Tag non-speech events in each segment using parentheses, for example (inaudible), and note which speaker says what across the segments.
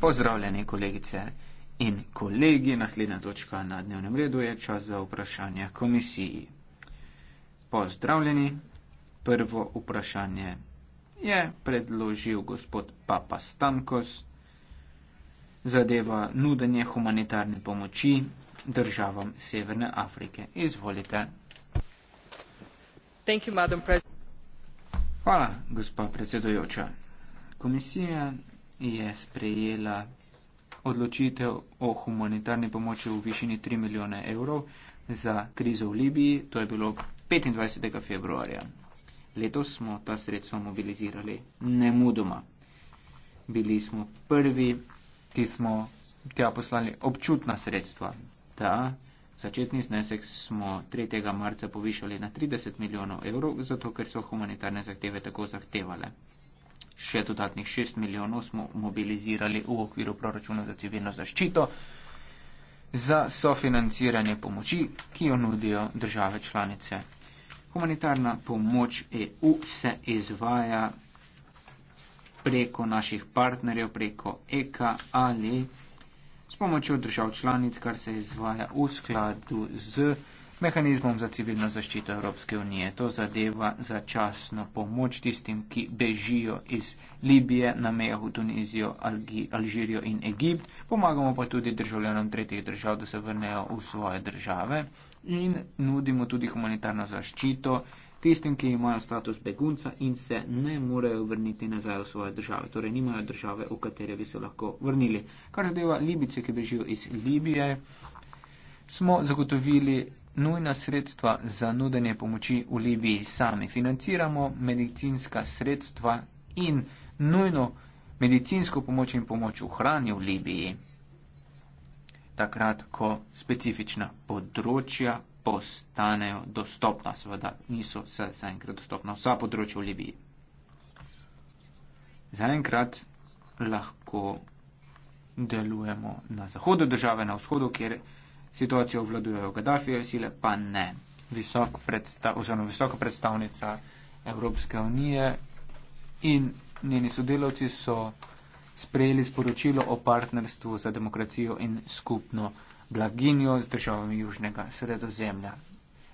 Speaker 1: Pozdravljeni kolegice in kolegi. Naslednja točka na dnevnem redu je čas za vprašanje komisiji. Pozdravljeni. Prvo vprašanje je predložil gospod Papa Stankos. Zadeva nudenje humanitarne pomoči državam Severne Afrike. Izvolite. Hvala, gospa predsedujoča. Komisija je sprejela odločitev o humanitarni pomoči v višini 3 milijone evrov za krizo v Libiji. To je bilo 25. februarja. Letos smo ta sredstva mobilizirali nemudoma. Bili smo prvi, ki smo tja poslali občutna sredstva. Ta začetni znesek smo 3. marca povišali na 30 milijonov evrov, zato ker so humanitarne zahteve tako zahtevale še dodatnih 6 milijonov smo mobilizirali v okviru proračuna za civilno zaščito za sofinanciranje pomoči, ki jo nudijo države članice. Humanitarna pomoč EU se izvaja preko naših partnerjev, preko EKA ali s pomočjo držav članic, kar se izvaja v skladu z mehanizmom za civilno zaščito Evropske unije. To zadeva začasno pomoč tistim, ki bežijo iz Libije na mejah v Tunizijo, Alžirijo in Egipt. Pomagamo pa tudi državljanom tretjih držav, da se vrnejo v svoje države in nudimo tudi humanitarno zaščito tistim, ki imajo status begunca in se ne morejo vrniti nazaj v svoje države. Torej nimajo države, v katere bi se lahko vrnili. Kar zadeva Libice, ki bežijo iz Libije, smo zagotovili nujna sredstva za nudenje pomoči v Libiji sami. Financiramo medicinska sredstva in nujno medicinsko pomoč in pomoč v hrani v Libiji, takrat, ko specifična področja postanejo dostopna, seveda niso vse zaenkrat dostopna, vsa področja v Libiji. Zaenkrat lahko delujemo na zahodu države, na vzhodu, kjer je situacijo obvladujejo Gaddafijeve sile, pa ne. Visok predsta, oziroma, visoka predstavnica Evropske unije in njeni sodelavci so sprejeli sporočilo o partnerstvu za demokracijo in skupno blaginjo z državami Južnega sredozemlja.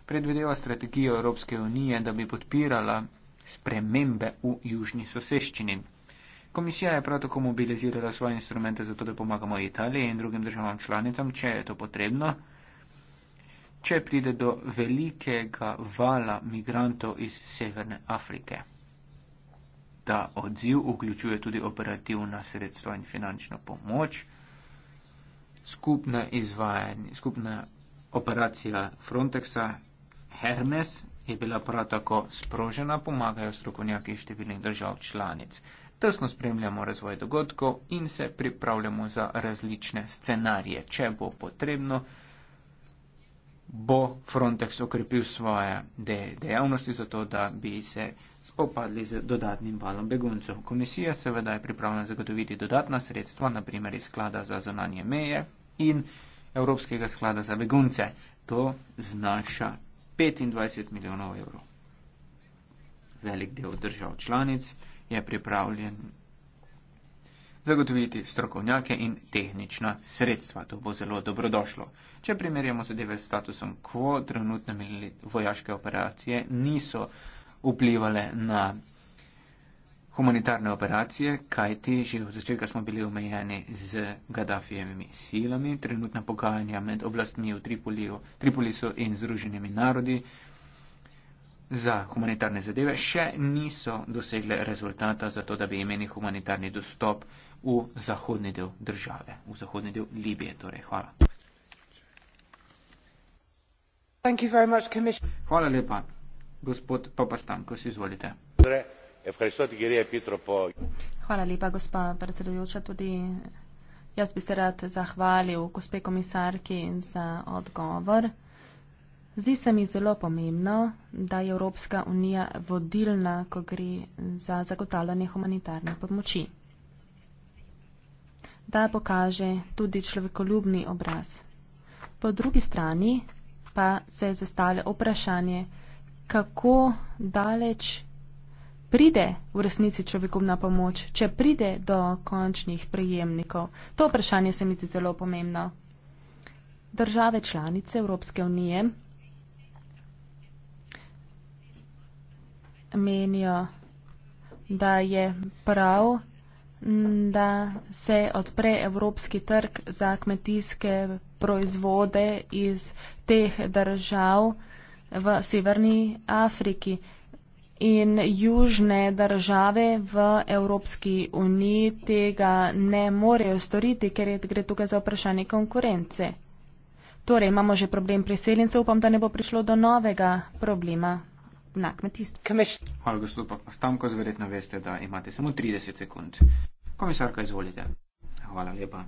Speaker 1: Predvideva strategijo Evropske unije, da bi podpirala spremembe v južni soseščini. Komisija je prav tako mobilizirala svoje instrumente za to, da pomagamo Italiji in drugim državam članicam, če je to potrebno. Če pride do velikega vala migrantov iz Severne Afrike, ta odziv vključuje tudi operativna sredstva in finančno pomoč, skupna, skupna operacija Frontexa Hermes je bila prav tako sprožena, pomagajo strokovnjaki iz številnih držav članic tesno spremljamo razvoj dogodkov in se pripravljamo za različne scenarije. Če bo potrebno, bo Frontex okrepil svoje de dejavnosti za to, da bi se spopadli z dodatnim valom beguncev. Komisija seveda je pripravljena zagotoviti dodatna sredstva, naprimer iz sklada za zonanje meje in Evropskega sklada za begunce. To znaša 25 milijonov evrov. Velik del držav članic je pripravljen zagotoviti strokovnjake in tehnična sredstva. To bo zelo dobrodošlo. Če primerjamo zadeve s statusom quo, trenutne vojaške operacije niso vplivale na humanitarne operacije, kajti že od začetka smo bili omejeni z Gaddafijevimi silami. Trenutna pogajanja med oblastmi v Tripoliju, Tripolisu in Združenimi narodi za humanitarne zadeve še niso dosegle rezultata za to, da bi imeli humanitarni dostop v zahodni del države, v zahodni del Libije. Torej, hvala. Much, hvala lepa. Gospod Papastankos, izvolite.
Speaker 2: Hvala lepa, gospa predsedujoča. Tudi jaz bi se rad zahvalil gospe komisarki za odgovor. Zdi se mi zelo pomembno, da je Evropska unija vodilna, ko gre za zagotavljanje humanitarne pomoči. Da pokaže tudi človekoljubni obraz. Po drugi strani pa se je zastavilo vprašanje, kako daleč pride v resnici človekovna pomoč, če pride do končnih prejemnikov. To vprašanje se mi zdi zelo pomembno. Države članice Evropske unije menijo, da je prav, da se odpre evropski trg za kmetijske proizvode iz teh držav v Severni Afriki. In južne države v Evropski uniji tega ne morejo storiti, ker je, gre tukaj za vprašanje konkurence. Torej, imamo že problem priseljencev, upam, da ne bo prišlo do novega problema na kmetijstvo.
Speaker 1: Hvala, gospod Stanko, zverjetno veste, da imate samo 30 sekund. Komisarka, izvolite. Hvala lepa.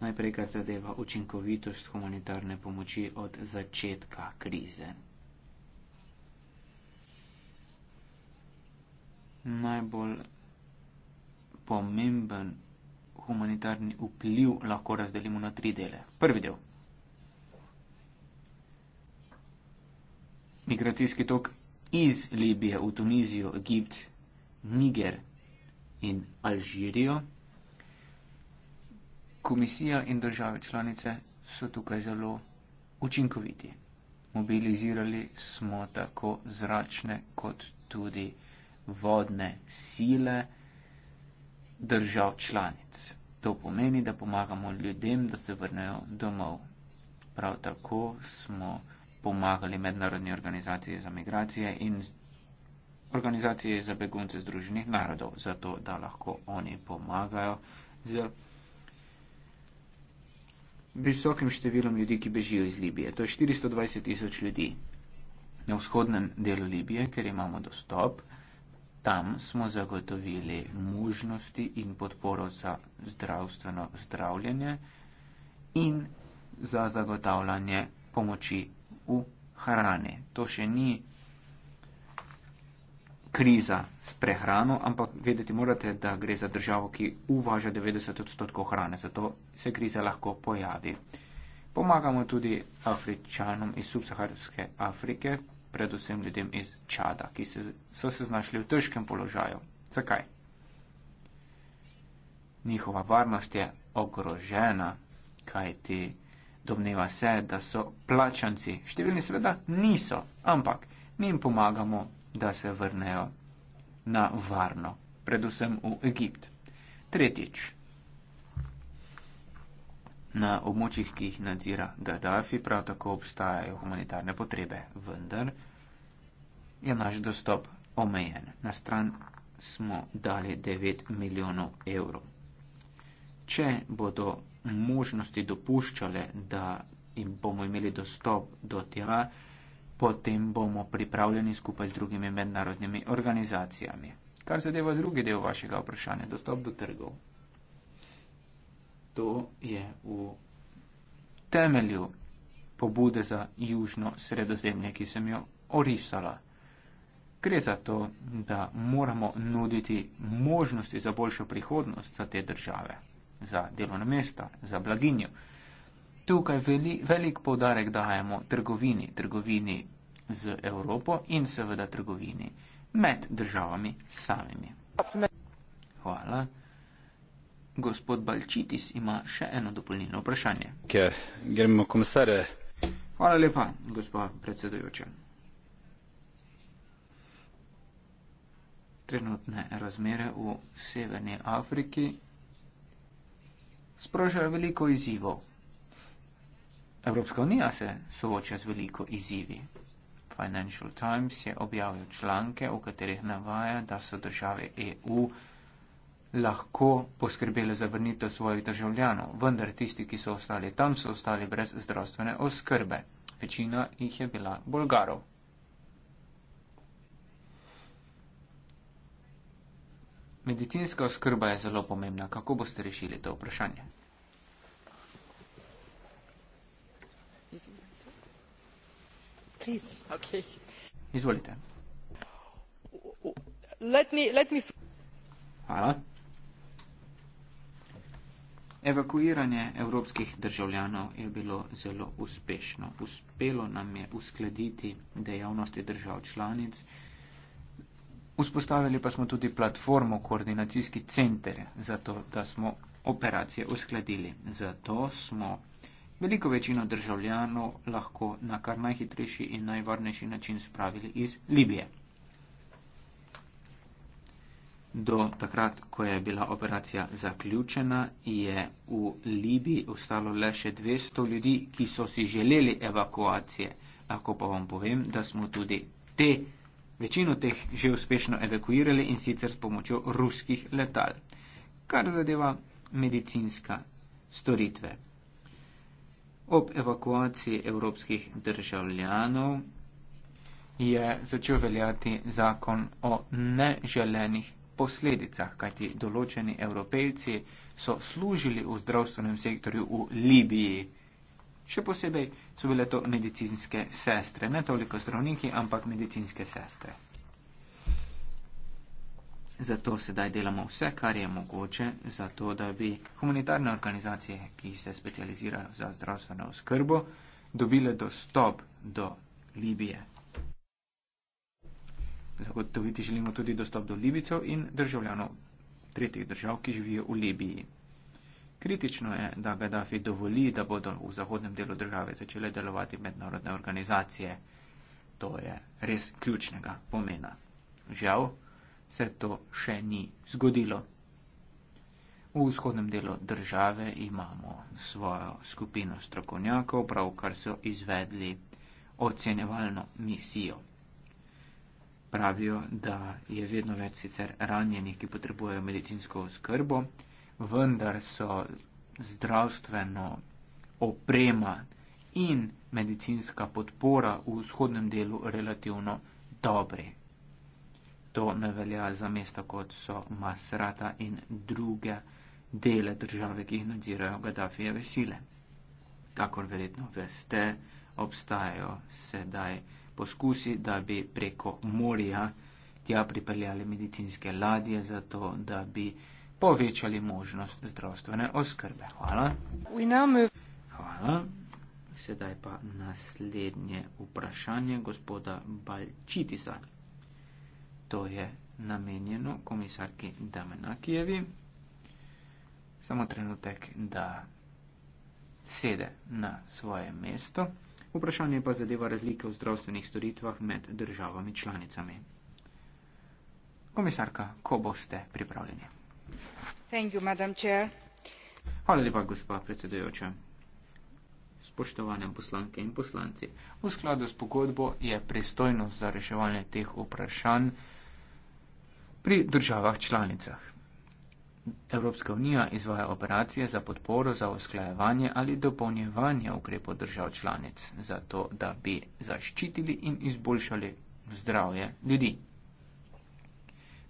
Speaker 1: Najprej, kar zadeva učinkovitost humanitarne pomoči od začetka krize. Najbolj pomemben humanitarni vpliv lahko razdelimo na tri dele. Prvi del. migracijski tok iz Libije v Tunizijo, Egipt, Niger in Alžirijo. Komisija in države članice so tukaj zelo učinkoviti. Mobilizirali smo tako zračne kot tudi vodne sile držav članic. To pomeni, da pomagamo ljudem, da se vrnejo domov. Prav tako smo pomagali mednarodni organizaciji za migracije in organizaciji za begunce Združenih narodov, zato da lahko oni pomagajo z visokim številom ljudi, ki bežijo iz Libije. To je 420 tisoč ljudi na vzhodnem delu Libije, ker imamo dostop. Tam smo zagotovili možnosti in podporo za zdravstveno zdravljenje in za zagotavljanje pomoči v hrane. To še ni kriza s prehrano, ampak vedeti morate, da gre za državo, ki uvaža 90 odstotkov hrane, zato se kriza lahko pojavi. Pomagamo tudi Afričanom iz subsaharske Afrike, predvsem ljudem iz Čada, ki se, so se znašli v težkem položaju. Zakaj? Njihova varnost je ogrožena, kajti Domneva se, da so plačanci. Številni seveda niso, ampak mi jim pomagamo, da se vrnejo na varno, predvsem v Egipt. Tretjič. Na območjih, ki jih nadzira Gaddafi, prav tako obstajajo humanitarne potrebe, vendar je naš dostop omejen. Na stran smo dali 9 milijonov evrov če bodo možnosti dopuščale, da jim bomo imeli dostop do tira, potem bomo pripravljeni skupaj z drugimi mednarodnimi organizacijami. Kar zadeva drugi del vašega vprašanja, dostop do trgov. To je v temelju pobude za južno sredozemlje, ki sem jo orisala. Gre za to, da moramo nuditi možnosti za boljšo prihodnost za te države za delovna mesta, za blaginjo. Tukaj veli, velik povdarek dajemo trgovini, trgovini z Evropo in seveda trgovini med državami samimi. Hvala. Gospod Balčitis ima še eno dopolnilno vprašanje. Okay. Hvala lepa, gospod predsedujoča. Trenutne razmere v Severni Afriki sprožajo veliko izzivov. Evropska unija se sooča z veliko izzivi. Financial Times je objavil članke, v katerih navaja, da so države EU lahko poskrbele za vrnitev svojih državljanov, vendar tisti, ki so ostali tam, so ostali brez zdravstvene oskrbe. Večina jih je bila Bolgarov. Medicinska oskrba je zelo pomembna. Kako boste rešili to vprašanje? Izvolite. Hvala. Evakuiranje evropskih državljanov je bilo zelo uspešno. Uspelo nam je uskladiti dejavnosti držav članic. Vzpostavili pa smo tudi platformo koordinacijski center, zato da smo operacije uskladili. Zato smo veliko večino državljanov lahko na kar najhitrejši in najvarnejši način spravili iz Libije. Do takrat, ko je bila operacija zaključena, je v Libiji ostalo le še 200 ljudi, ki so si želeli evakuacije. Lahko pa vam povem, da smo tudi te Večino teh že uspešno evakuirali in sicer s pomočjo ruskih letal, kar zadeva medicinska storitve. Ob evakuaciji evropskih državljanov je začel veljati zakon o neželenih posledicah, kajti določeni evropejci so služili v zdravstvenem sektorju v Libiji. Še posebej so bile to medicinske sestre, ne toliko zdravniki, ampak medicinske sestre. Zato sedaj delamo vse, kar je mogoče, zato da bi humanitarne organizacije, ki se specializirajo za zdravstveno oskrbo, dobile dostop do Libije. Zagotoviti želimo tudi dostop do Libicev in državljanov tretjih držav, ki živijo v Libiji. Kritično je, da Gaddafi dovoli, da bodo v zahodnem delu države začele delovati mednarodne organizacije. To je res ključnega pomena. Žal se to še ni zgodilo. V vzhodnem delu države imamo svojo skupino strokovnjakov, pravkar so izvedli ocenevalno misijo. Pravijo, da je vedno več sicer ranjenih, ki potrebujejo medicinsko oskrbo vendar so zdravstveno oprema in medicinska podpora v vzhodnem delu relativno dobri. To ne velja za mesta, kot so Masrata in druge dele države, ki jih nadzirajo Gaddafijeve sile. Kakor verjetno veste, obstajajo sedaj poskusi, da bi preko morja tja pripeljali medicinske ladje, zato da bi uh, povečali možnost zdravstvene oskrbe. Hvala. Hvala. Sedaj pa naslednje vprašanje gospoda Balčitisa. To je namenjeno komisarki Damenakijevi. Samo trenutek, da sede na svoje mesto. Vprašanje pa zadeva razlike v zdravstvenih storitvah med državami članicami. Komisarka, ko boste pripravljeni? Hvala lepa, gospa predsedujoča. Spoštovane poslanke in poslanci, v skladu s pogodbo je pristojnost za reševanje teh vprašanj pri državah članicah. Evropska unija izvaja operacije za podporo za usklajevanje ali dopolnjevanje ukrepov držav članic, zato da bi zaščitili in izboljšali zdravje ljudi.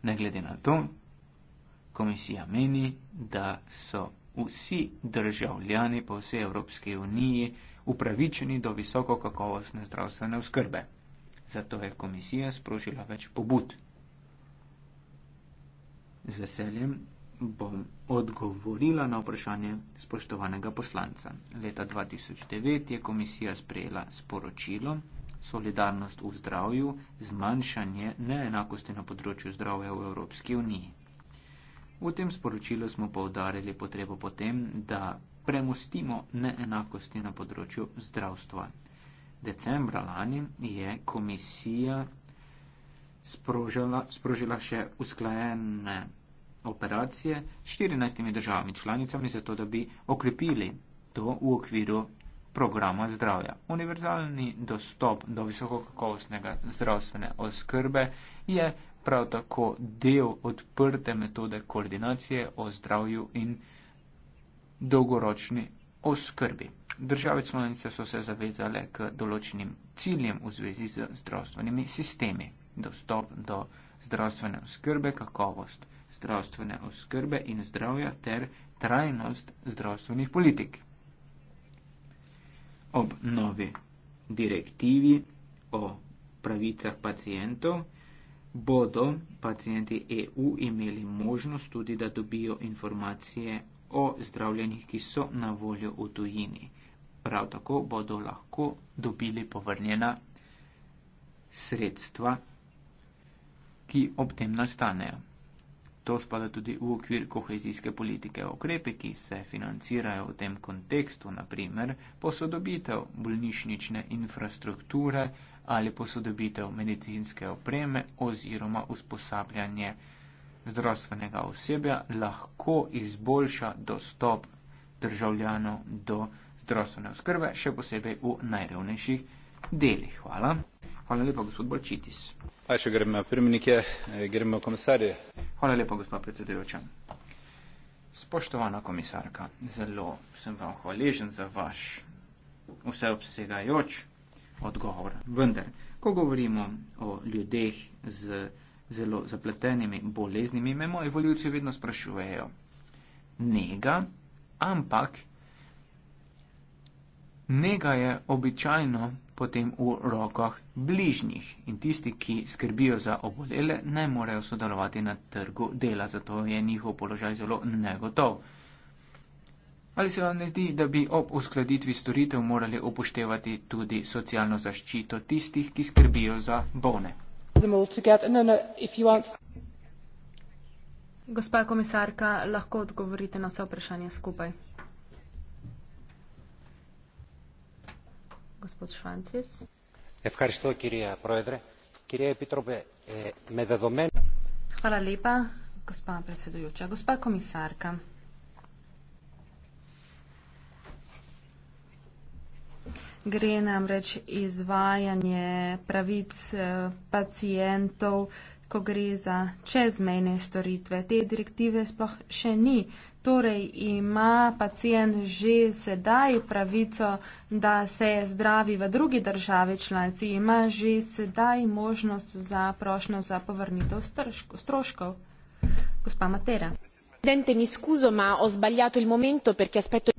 Speaker 1: Ne glede na to, Komisija meni, da so vsi državljani po vsej Evropski uniji upravičeni do visoko kakovostne zdravstvene oskrbe. Zato je komisija sprožila več pobud. Z veseljem bom odgovorila na vprašanje spoštovanega poslanca. Leta 2009 je komisija sprejela sporočilo Solidarnost v zdravju, zmanjšanje neenakosti na področju zdravja v Evropski uniji. V tem sporočilu smo povdarjali potrebo potem, da premustimo neenakosti na področju zdravstva. Decembra lani je komisija sprožila, sprožila še usklajene operacije s 14 državami članicami, zato da bi okrepili to v okviru programa zdravja. Univerzalni dostop do visokokakovostnega zdravstvene oskrbe je prav tako del odprte metode koordinacije o zdravju in dolgoročni oskrbi. Države članice so se zavezale k določenim ciljem v zvezi z zdravstvenimi sistemi. Dostop do zdravstvene oskrbe, kakovost zdravstvene oskrbe in zdravja ter trajnost zdravstvenih politik. Ob novi direktivi o pravicah pacijentov bodo pacijenti EU imeli možnost tudi, da dobijo informacije o zdravljenjih, ki so na voljo v tujini. Prav tako bodo lahko dobili povrnjena sredstva, ki ob tem nastanejo. To spada tudi v okvir kohezijske politike. Okrepe, ki se financirajo v tem kontekstu, naprimer posodobitev bolnišnične infrastrukture, ali posodobitev medicinske opreme oziroma usposabljanje zdravstvenega osebja lahko izboljša dostop državljanov do zdravstvene oskrbe, še posebej v najrevnejših delih. Hvala. Hvala lepa, gospod Bolčitis. Aj, še gremo, premijnike, gremo, komisarje. Hvala lepa, gospod predsedujoča. Spoštovana komisarka, zelo sem vam hvaležen za vaš vseobsegajoč odgovor. Vendar, ko govorimo o ljudeh z zelo zapletenimi boleznimi, me moji voljivci vedno sprašujejo, nega, ampak nega je običajno potem v rokah bližnjih in tisti, ki skrbijo za obolele, ne morejo sodelovati na trgu dela, zato je njihov položaj zelo negotov. Ali se vam ne zdi, da bi ob uskladitvi storitev morali upoštevati tudi socialno zaščito tistih, ki skrbijo za bone?
Speaker 2: Gospa komisarka, lahko odgovorite na vse vprašanje skupaj. Gospod Švancis.
Speaker 1: Evkaristo, kirija Proedre. Kirija Epitrope, eh, med domen.
Speaker 2: Hvala lepa, gospa predsedujoča. Gospa komisarka. gre namreč izvajanje pravic eh, pacijentov, ko gre za čezmejne storitve. Te direktive sploh še ni. Torej ima pacijent že sedaj pravico, da se zdravi v drugi državi članici, ima že sedaj možnost za prošnjo za povrnitev stroškov. Gospa Matera. Presidente, mi scuso, ma ho sbagliato il momento perché aspetto.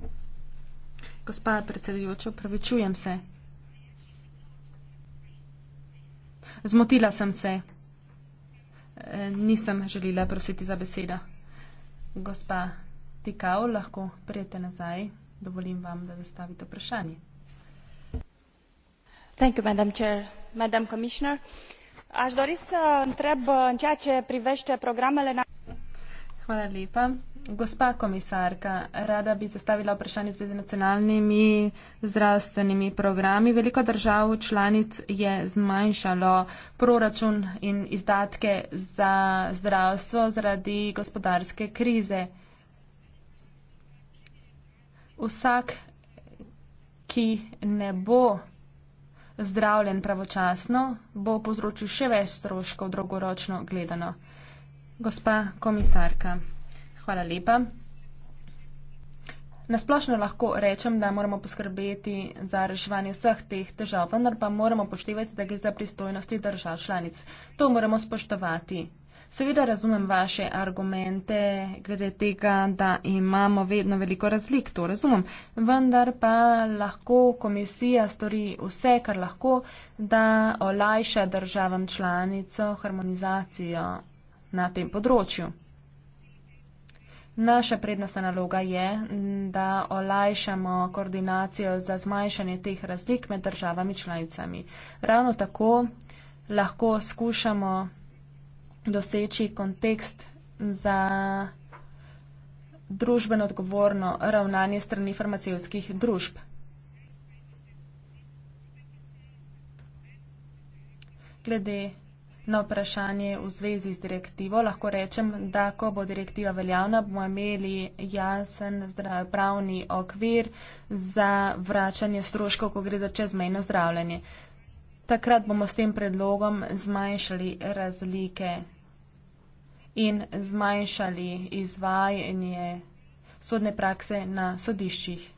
Speaker 2: Gospa predsedujoča, upravičujem se. Zmotila sem se. E, nisem želela prositi za besedo. Gospa Tikal, lahko prijete nazaj. Dovolim vam, da zastavite vprašanje. Thank you, Madam Chair. Madam Commissioner, aș dori să întreb în ceea ce privește programele. Hvala lepa. Gospa komisarka, rada bi zastavila vprašanje zvezi nacionalnimi zdravstvenimi programi. Veliko držav članic je zmanjšalo proračun in izdatke za zdravstvo zaradi gospodarske krize. Vsak, ki ne bo zdravljen pravočasno, bo povzročil še več stroškov dolgoročno gledano. Gospa komisarka. Hvala lepa. Nasplošno lahko rečem, da moramo poskrbeti za reševanje vseh teh težav, vendar pa moramo poštevati, da gre za pristojnosti držav članic. To moramo spoštovati. Seveda razumem vaše argumente glede tega, da imamo vedno veliko razlik, to razumem, vendar pa lahko komisija stori vse, kar lahko, da olajša državam članico harmonizacijo na tem področju. Naša prednostna naloga je, da olajšamo koordinacijo za zmanjšanje teh razlik med državami članicami. Ravno tako lahko skušamo doseči kontekst za družbeno odgovorno ravnanje strani farmacijskih družb. Glede Na vprašanje v zvezi z direktivo lahko rečem, da ko bo direktiva veljavna, bomo imeli jasen pravni okvir za vračanje stroškov, ko gre za čezmejno zdravljenje. Takrat bomo s tem predlogom zmanjšali razlike in zmanjšali izvajanje sodne prakse na sodiščih.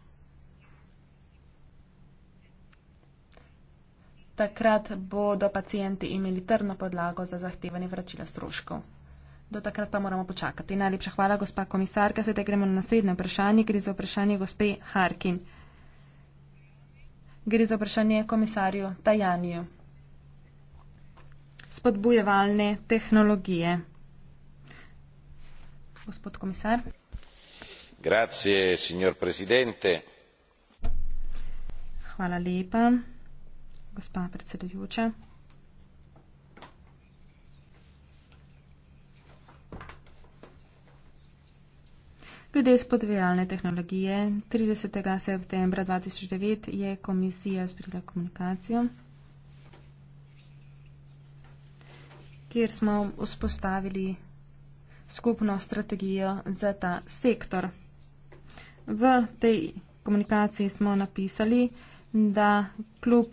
Speaker 2: Takrat bodo pacijenti imeli trdno podlago za zahtevanje vračila stroškov. Do takrat pa moramo počakati. Najlepša hvala, gospa komisarka. Sedaj gremo na naslednje vprašanje. Gre za vprašanje gospe Harkin. Gre za vprašanje komisarju Tajaniju. Spodbujevalne tehnologije. Gospod komisar.
Speaker 1: Grazie, signor presidente.
Speaker 2: Hvala lepa gospa predsedujoča. Glede spodvijalne tehnologije, 30. septembra 2009 je komisija sprejela komunikacijo, kjer smo vzpostavili skupno strategijo za ta sektor. V tej komunikaciji smo napisali, da kljub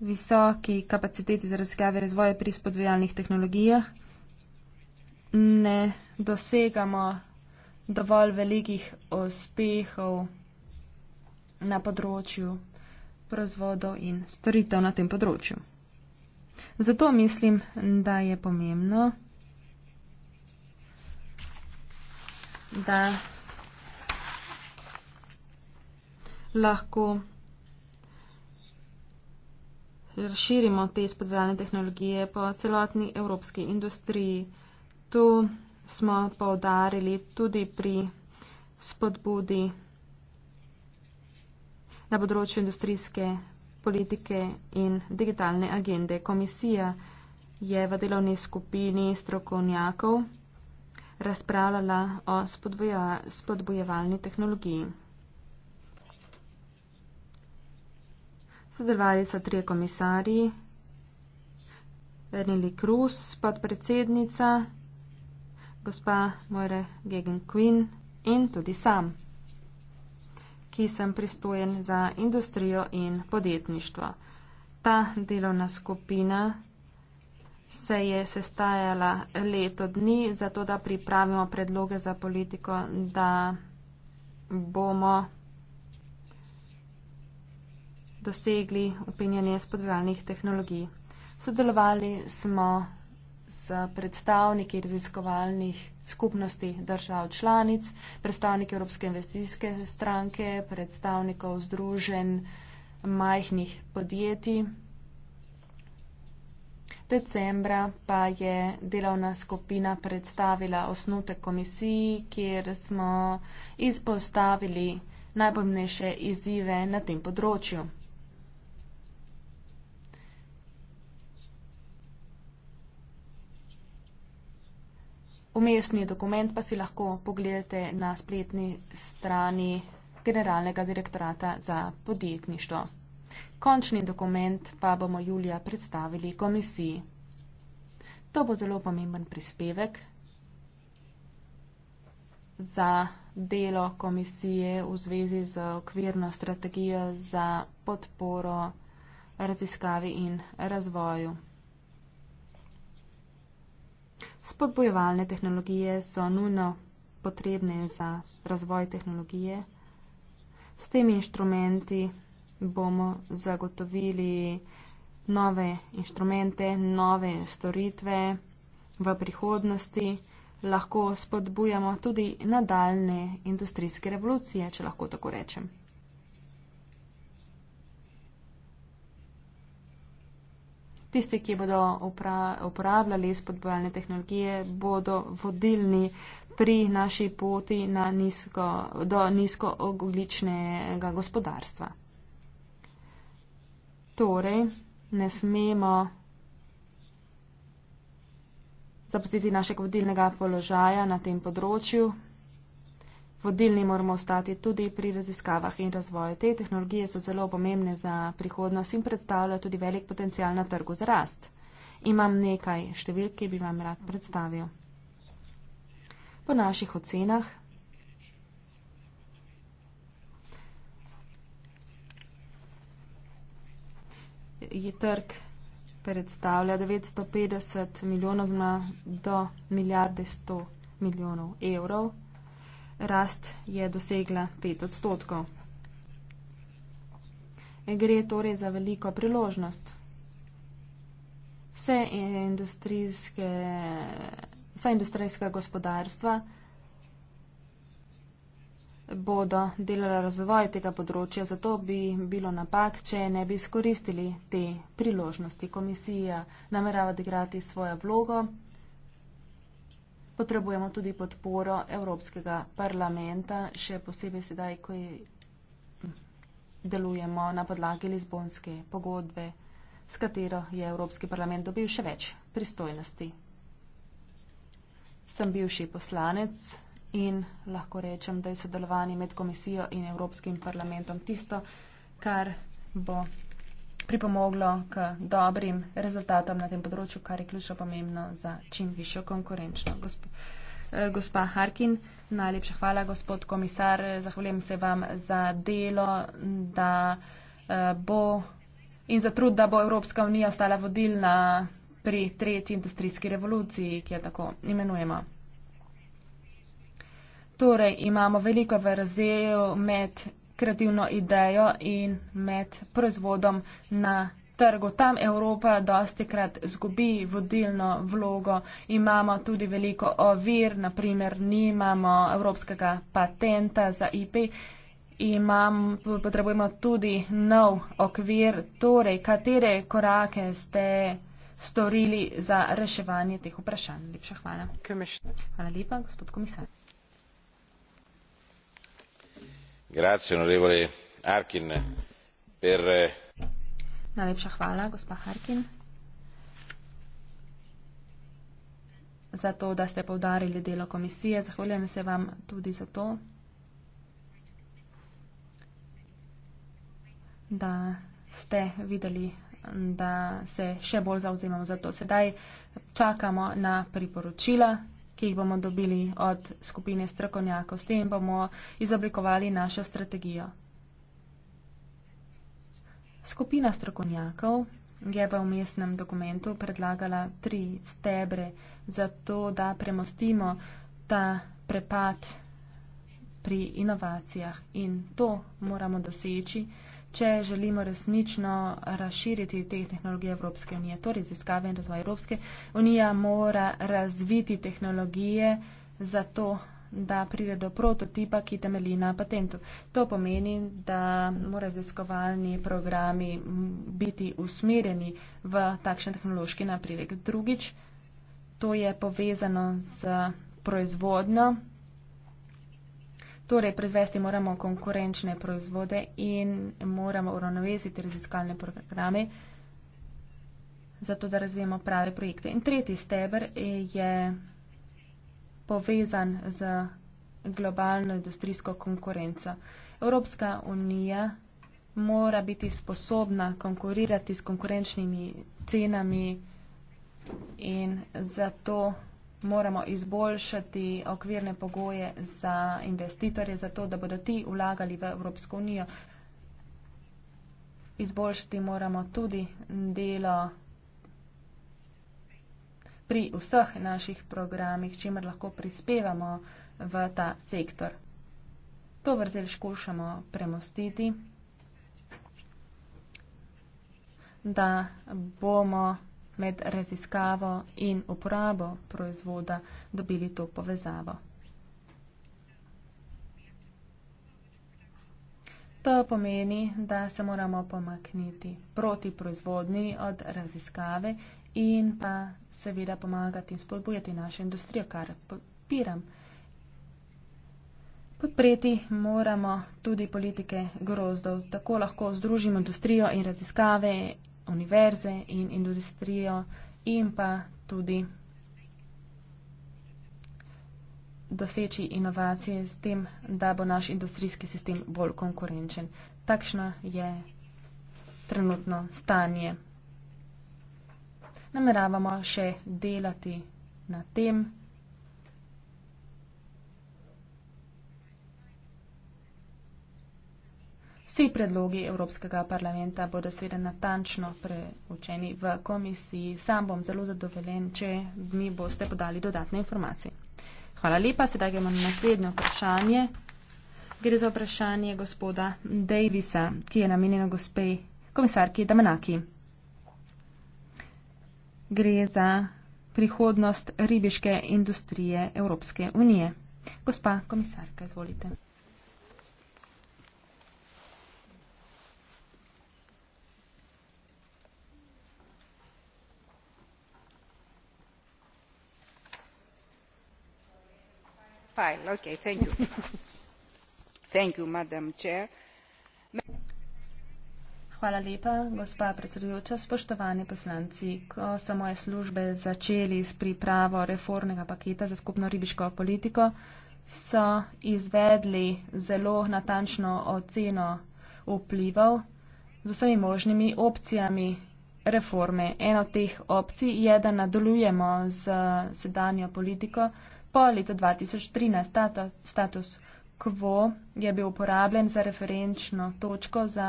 Speaker 2: visoki kapaciteti za razkave razvoje pri spodvojalnih tehnologijah, ne dosegamo dovolj velikih uspehov na področju proizvodov in storitev na tem področju. Zato mislim, da je pomembno, da lahko razširimo te spodbudne tehnologije po celotni evropski industriji. Tu smo povdarili tudi pri spodbudi na področju industrijske politike in digitalne agende. Komisija je v delovni skupini strokovnjakov razpravljala o spodbujevalni tehnologiji. Sodelovali so trije komisarji, Renili Cruz, podpredsednica, gospa Moire Gegen Queen in tudi sam, ki sem pristojen za industrijo in podjetništvo. Ta delovna skupina se je sestajala leto dni, zato da pripravimo predloge za politiko, da bomo dosegli upenjanje spodbujalnih tehnologij. Sodelovali smo z predstavniki raziskovalnih skupnosti držav članic, predstavniki Evropske investicijske stranke, predstavnikov združen majhnih podjetij. Decembra pa je delovna skupina predstavila osnutek komisiji, kjer smo izpostavili najpomembnejše izzive na tem področju. Umestni dokument pa si lahko pogledate na spletni strani Generalnega direktorata za podjetništvo. Končni dokument pa bomo julija predstavili komisiji. To bo zelo pomemben prispevek za delo komisije v zvezi z okvirno strategijo za podporo raziskavi in razvoju. Spodbojevalne tehnologije so nujno potrebne za razvoj tehnologije. S temi inštrumenti bomo zagotovili nove inštrumente, nove storitve v prihodnosti. Lahko spodbujamo tudi nadaljne industrijske revolucije, če lahko tako rečem. tisti, ki bodo upra, uporabljali spodbojalne tehnologije, bodo vodilni pri naši poti na nizko, do nizkooglične gospodarstva. Torej, ne smemo zapustiti našega vodilnega položaja na tem področju. Vodilni moramo ostati tudi pri raziskavah in razvoju. Te tehnologije so zelo pomembne za prihodnost in predstavljajo tudi velik potencial na trgu za rast. Imam nekaj številk, ki bi vam rad predstavil. Po naših ocenah je trg predstavlja 950 milijonov do milijarde 100 milijonov evrov rast je dosegla 5 odstotkov. Gre torej za veliko priložnost. Vse industrijske, vse industrijske gospodarstva bodo delala razvoj tega področja, zato bi bilo napak, če ne bi izkoristili te priložnosti. Komisija namerava odigrati svojo vlogo potrebujemo tudi podporo Evropskega parlamenta, še posebej sedaj, ko hm, delujemo na podlagi Lizbonske pogodbe, s katero je Evropski parlament dobil še več pristojnosti. Sem bivši poslanec in lahko rečem, da je sodelovanje med komisijo in Evropskim parlamentom tisto, kar bo pripomoglo k dobrim rezultatom na tem področju, kar je ključno pomembno za čim višjo konkurenčno. Gosp eh, gospa Harkin, najlepša hvala, gospod komisar. Zahvaljujem se vam za delo, da eh, bo in za trud, da bo Evropska unija ostala vodilna pri tretji industrijski revoluciji, ki jo tako imenujemo. Torej, imamo veliko vrzel med kreativno idejo in med proizvodom na trgu. Tam Evropa dosti krat zgubi vodilno vlogo. Imamo tudi veliko ovir, naprimer nimamo evropskega patenta za IP. Imam, potrebujemo tudi nov okvir, torej katere korake ste storili za reševanje teh vprašanj. Lepša hvala. Hvala lepa, gospod komisar.
Speaker 1: grazie onorevole harkin per eh,
Speaker 2: najlepša hvala gospa harkin za to da ste poudarili delo komisije zahvaljujem se vam tudi za to da ste videli da se še bolj zauzemamo za to sedaj čakamo na priporočila ki jih bomo dobili od skupine strokovnjakov. S tem bomo izoblikovali našo strategijo. Skupina strokovnjakov je v umestnem dokumentu predlagala tri stebre za to, da premostimo ta prepad pri inovacijah. In to moramo doseči če želimo resnično razširiti te tehnologije Evropske unije. Torej, raziskave in razvoj Evropske unije mora razviti tehnologije za to, da pride do prototipa, ki temelji na patentu. To pomeni, da mora raziskovalni programi biti usmerjeni v takšen tehnološki napredek. Drugič, to je povezano z proizvodno Torej, proizvesti moramo konkurenčne proizvode in moramo uravnovesiti raziskalne programe, zato da razvijemo prave projekte. In tretji stebr je povezan z globalno industrijsko konkurenco. Evropska unija mora biti sposobna konkurirati s konkurenčnimi cenami in zato moramo izboljšati okvirne pogoje za investitorje, zato da bodo ti vlagali v Evropsko unijo. Izboljšati moramo tudi delo pri vseh naših programih, čimer lahko prispevamo v ta sektor. To vrzel skušamo premostiti, da bomo med raziskavo in uporabo proizvoda dobili to povezavo. To pomeni, da se moramo pomakniti proti proizvodni od raziskave in pa seveda pomagati in spodbujati našo industrijo, kar podpiram. Podpreti moramo tudi politike grozdov. Tako lahko združimo industrijo in raziskave univerze in industrijo in pa tudi doseči inovacije s tem, da bo naš industrijski sistem bolj konkurenčen. Takšno je trenutno stanje. Nameravamo še delati na tem. Vsi predlogi Evropskega parlamenta bodo seveda natančno preučeni v komisiji. Sam bom zelo zadovoljen, če mi boste podali dodatne informacije. Hvala lepa, sedaj gremo na naslednje vprašanje. Gre za vprašanje gospoda Davisa, ki je namenjeno gospe komisarki Damenaki. Gre za prihodnost ribiške industrije Evropske unije. Gospa komisarka, izvolite. (laughs) Hvala lepa, gospa predsedujoča. Spoštovani poslanci, ko so moje službe začeli s pripravo reformnega paketa za skupno ribiško politiko, so izvedli zelo natančno oceno vplivov z vsemi možnimi opcijami reforme. Ena od teh opcij je, da nadaljujemo z sedanjo politiko, po letu 2013 status quo je bil uporabljen za referenčno točko za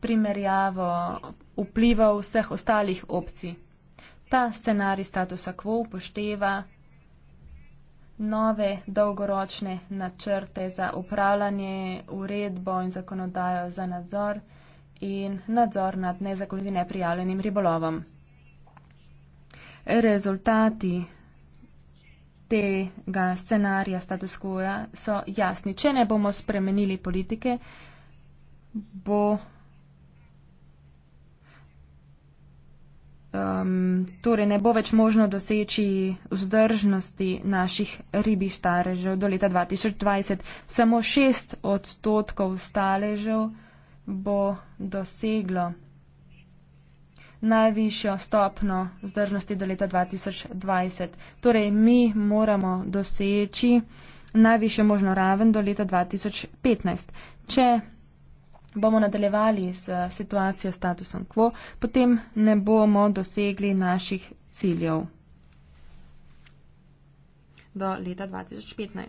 Speaker 2: primerjavo vplivov vseh ostalih opcij. Ta scenarij statusa quo upošteva nove dolgoročne načrte za upravljanje uredbo in zakonodajo za nadzor in nadzor nad nezakonitim neprijavljenim ribolovom. Rezultati tega scenarija status quo so jasni. Če ne bomo spremenili politike, bo um, torej ne bo več možno doseči vzdržnosti naših ribih staležev do leta 2020. Samo šest odstotkov staležev bo doseglo najvišjo stopno zdržnosti do leta 2020. Torej, mi moramo doseči najvišjo možno raven do leta 2015. Če bomo nadaljevali s situacijo statusom quo, potem ne bomo dosegli naših ciljev. Do leta 2015.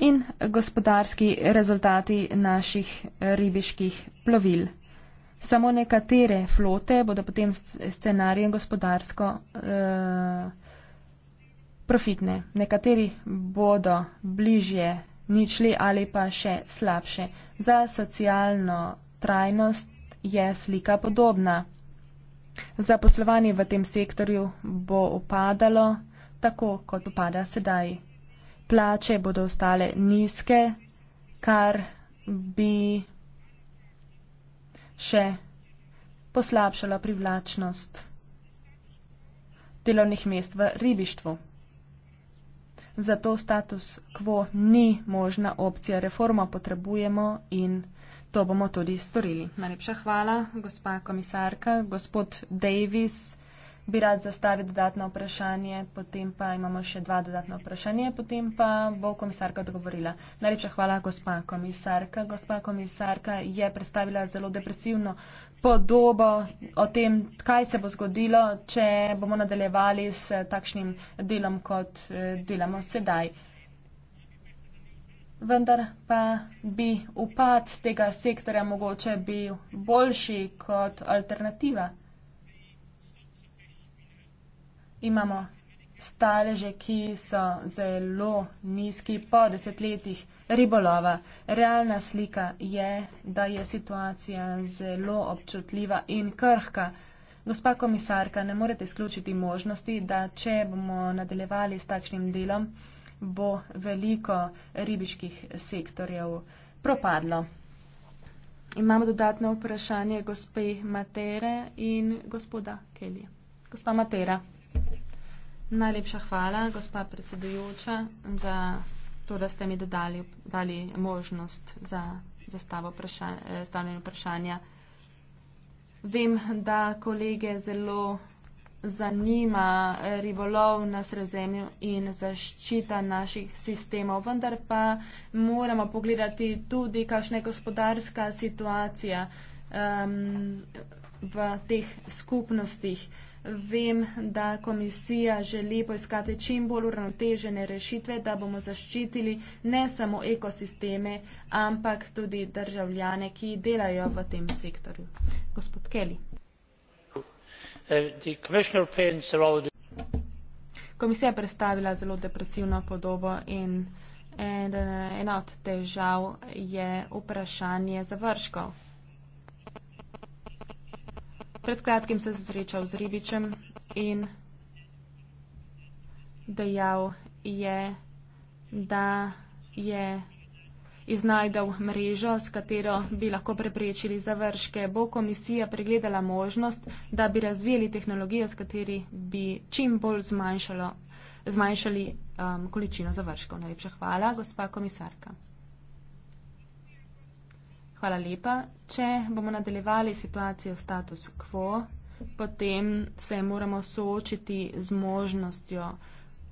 Speaker 2: in gospodarski rezultati naših ribiških plovil. Samo nekatere flote bodo potem scenarijem gospodarsko e, profitne. Nekateri bodo bližje ničli ali pa še slabše. Za socialno trajnost je slika podobna. Zaposlovanje v tem sektorju bo upadalo tako, kot upada sedaj plače bodo ostale nizke, kar bi še poslabšalo privlačnost delovnih mest v ribištvu. Zato status quo ni možna opcija, reforma potrebujemo in to bomo tudi storili. Najlepša hvala, gospa komisarka, gospod Davis bi rad zastavil dodatno vprašanje, potem pa imamo še dva dodatna vprašanja, potem pa bo komisarka odgovorila. Najlepša hvala, gospa komisarka. Gospa komisarka je predstavila zelo depresivno podobo o tem, kaj se bo zgodilo, če bomo nadaljevali s takšnim delom, kot eh, delamo sedaj. Vendar pa bi upad tega sektorja mogoče bil boljši kot alternativa imamo staleže, ki so zelo nizki po desetletjih ribolova. Realna slika je, da je situacija zelo občutljiva in krhka. Gospa komisarka, ne morete izključiti možnosti, da če bomo nadaljevali s takšnim delom, bo veliko ribiških sektorjev propadlo. Imamo dodatno vprašanje gospe Matere in gospoda Kelly. Gospa Matera. Najlepša hvala, gospa predsedujoča, za to, da ste mi dodali, dali možnost za zastavo vprašanj, eh, vprašanja. Vem, da kolege zelo zanima eh, ribolov na sredozemlju in zaščita naših sistemov, vendar pa moramo pogledati tudi, kakšna je gospodarska situacija um, v teh skupnostih. Vem, da komisija želi poiskati čim bolj uravnotežene rešitve, da bomo zaščitili ne samo ekosisteme, ampak tudi državljane, ki delajo v tem sektorju. Gospod Kelly.
Speaker 3: Uh,
Speaker 2: komisija je predstavila zelo depresivno podobo in ena od težav je vprašanje završkov. Pred kratkim se je srečal z ribičem in dejal je, da je iznajdel mrežo, s katero bi lahko preprečili završke. Bo komisija pregledala možnost, da bi razvijeli tehnologijo, s kateri bi čim bolj zmanjšali um, količino završkov. Najlepša hvala, gospa komisarka. Hvala lepa. Če bomo nadaljevali situacijo status quo, potem se moramo soočiti z možnostjo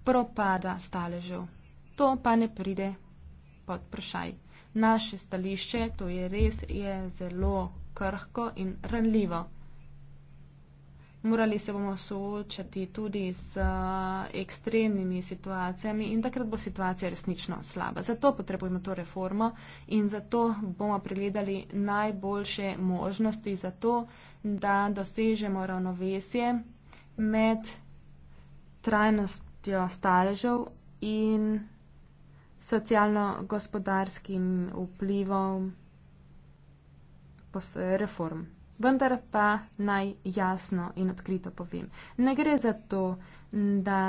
Speaker 2: propada staležev. To pa ne pride pod vprašaj. Naše stališče, to je res, je zelo krhko in ranljivo. Morali se bomo soočati tudi z eh, ekstremnimi situacijami in takrat bo situacija resnično slaba. Zato potrebujemo to reformo in zato bomo pregledali najboljše možnosti za to, da dosežemo ravnovesje med trajnostjo staležev in socialno-gospodarskim vplivom reform. Vendar pa naj jasno in odkrito povem. Ne gre za to, da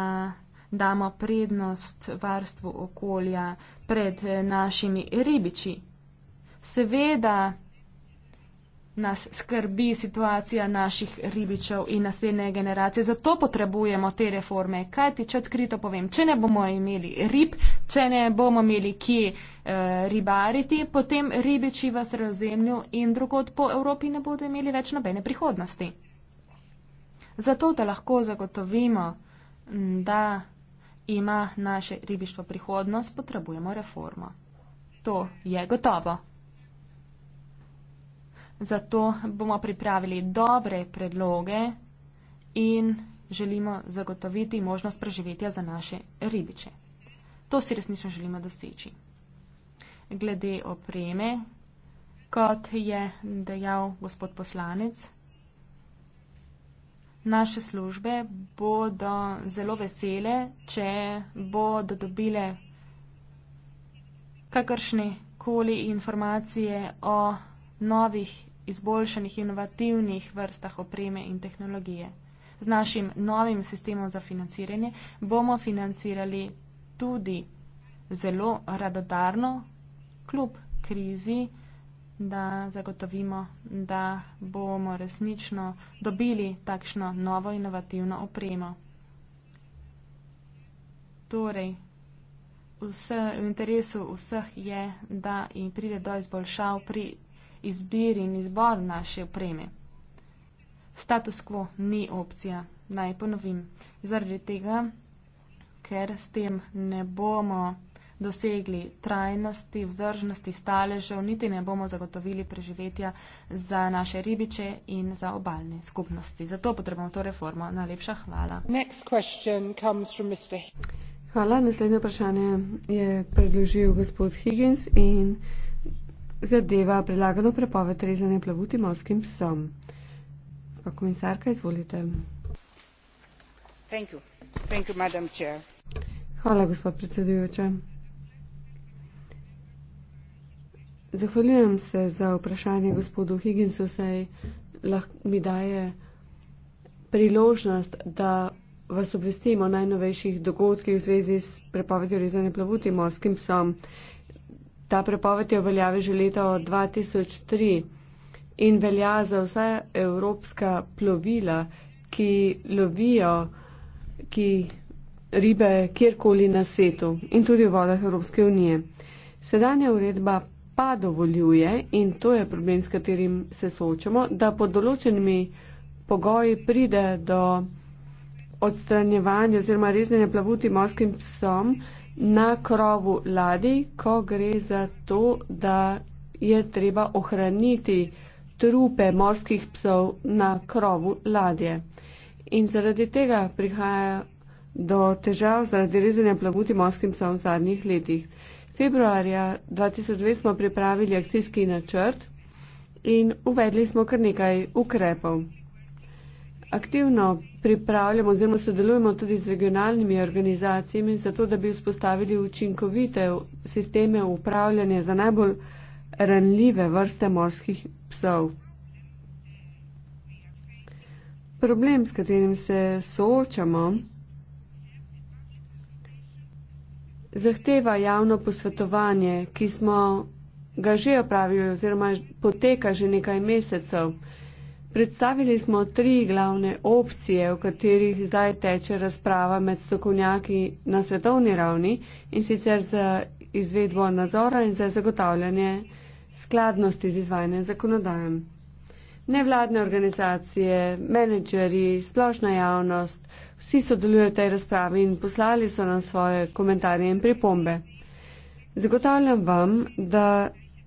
Speaker 2: damo prednost varstvu okolja pred našimi ribiči. Seveda nas skrbi situacija naših ribičev in naslednje generacije. Zato potrebujemo te reforme. Kaj ti, če odkrito povem, če ne bomo imeli rib, če ne bomo imeli kje eh, ribariti, potem ribiči v sredozemlju in drugod po Evropi ne bodo imeli več nobene prihodnosti. Zato, da lahko zagotovimo, da ima naše ribištvo prihodnost, potrebujemo reformo. To je gotovo. Zato bomo pripravili dobre predloge in želimo zagotoviti možnost preživetja za naše ribiče. To si resnično želimo doseči. Glede opreme, kot je dejal gospod poslanec, naše službe bodo zelo vesele, če bodo dobile kakršne koli informacije o novih izboljšanih inovativnih vrstah opreme in tehnologije. Z našim novim sistemom za financiranje bomo financirali tudi zelo radodarno kljub krizi, da zagotovimo, da bomo resnično dobili takšno novo inovativno opremo. Torej, vse, v interesu vseh je, da pride do izboljšav pri izbiri in izbor naše opreme. Status quo ni opcija, naj ponovim, zaradi tega, ker s tem ne bomo dosegli trajnosti, vzdržnosti staležev, niti ne bomo zagotovili preživetja za naše ribiče in za obaljne skupnosti. Zato potrebujemo to reformo. Najlepša hvala.
Speaker 3: Hvala. Naslednje vprašanje je predložil gospod Higgins in zadeva prelagano prepoved rezanja plavuti morskim psom. Pa komisarka, izvolite. Thank you. Thank you, Hvala, gospod predsedujoče. Zahvaljujem se za vprašanje gospodu Higginsu, saj mi daje priložnost, da vas obvestimo o najnovejših dogodkih v zvezi s prepovedjo rezanja plavuti morskim psom. Ta prepoved je veljavi že leta 2003 in velja za vsa evropska plovila, ki lovijo ki ribe kjerkoli na svetu in tudi v vodah Evropske unije. Sedanja uredba pa dovoljuje, in to je problem, s katerim se soočamo, da pod določenimi pogoji pride do odstranjevanja oziroma rezanja plavuti morskim psom na krovu ladi, ko gre za to, da je treba ohraniti trupe morskih psov na krovu ladje. In zaradi tega prihaja do težav zaradi rezanja plavuti morskim psom v zadnjih letih. Februarja 2020 smo pripravili akcijski načrt in uvedli smo kar nekaj ukrepov. Aktivno pripravljamo oziroma sodelujemo tudi z regionalnimi organizacijami, zato da bi vzpostavili učinkovite sisteme upravljanja za najbolj ranljive vrste morskih psov. Problem, s katerim se soočamo, zahteva javno posvetovanje, ki smo ga že opravili oziroma poteka že nekaj mesecev. Predstavili smo tri glavne opcije, v katerih zdaj teče razprava med strokovnjaki na svetovni ravni in sicer za izvedbo nadzora in za zagotavljanje skladnosti z izvajanjem zakonodajem. Nevladne organizacije, menedžeri, splošna javnost, vsi sodelujo v tej razpravi in poslali so nam svoje komentarje in pripombe. Zagotavljam vam, da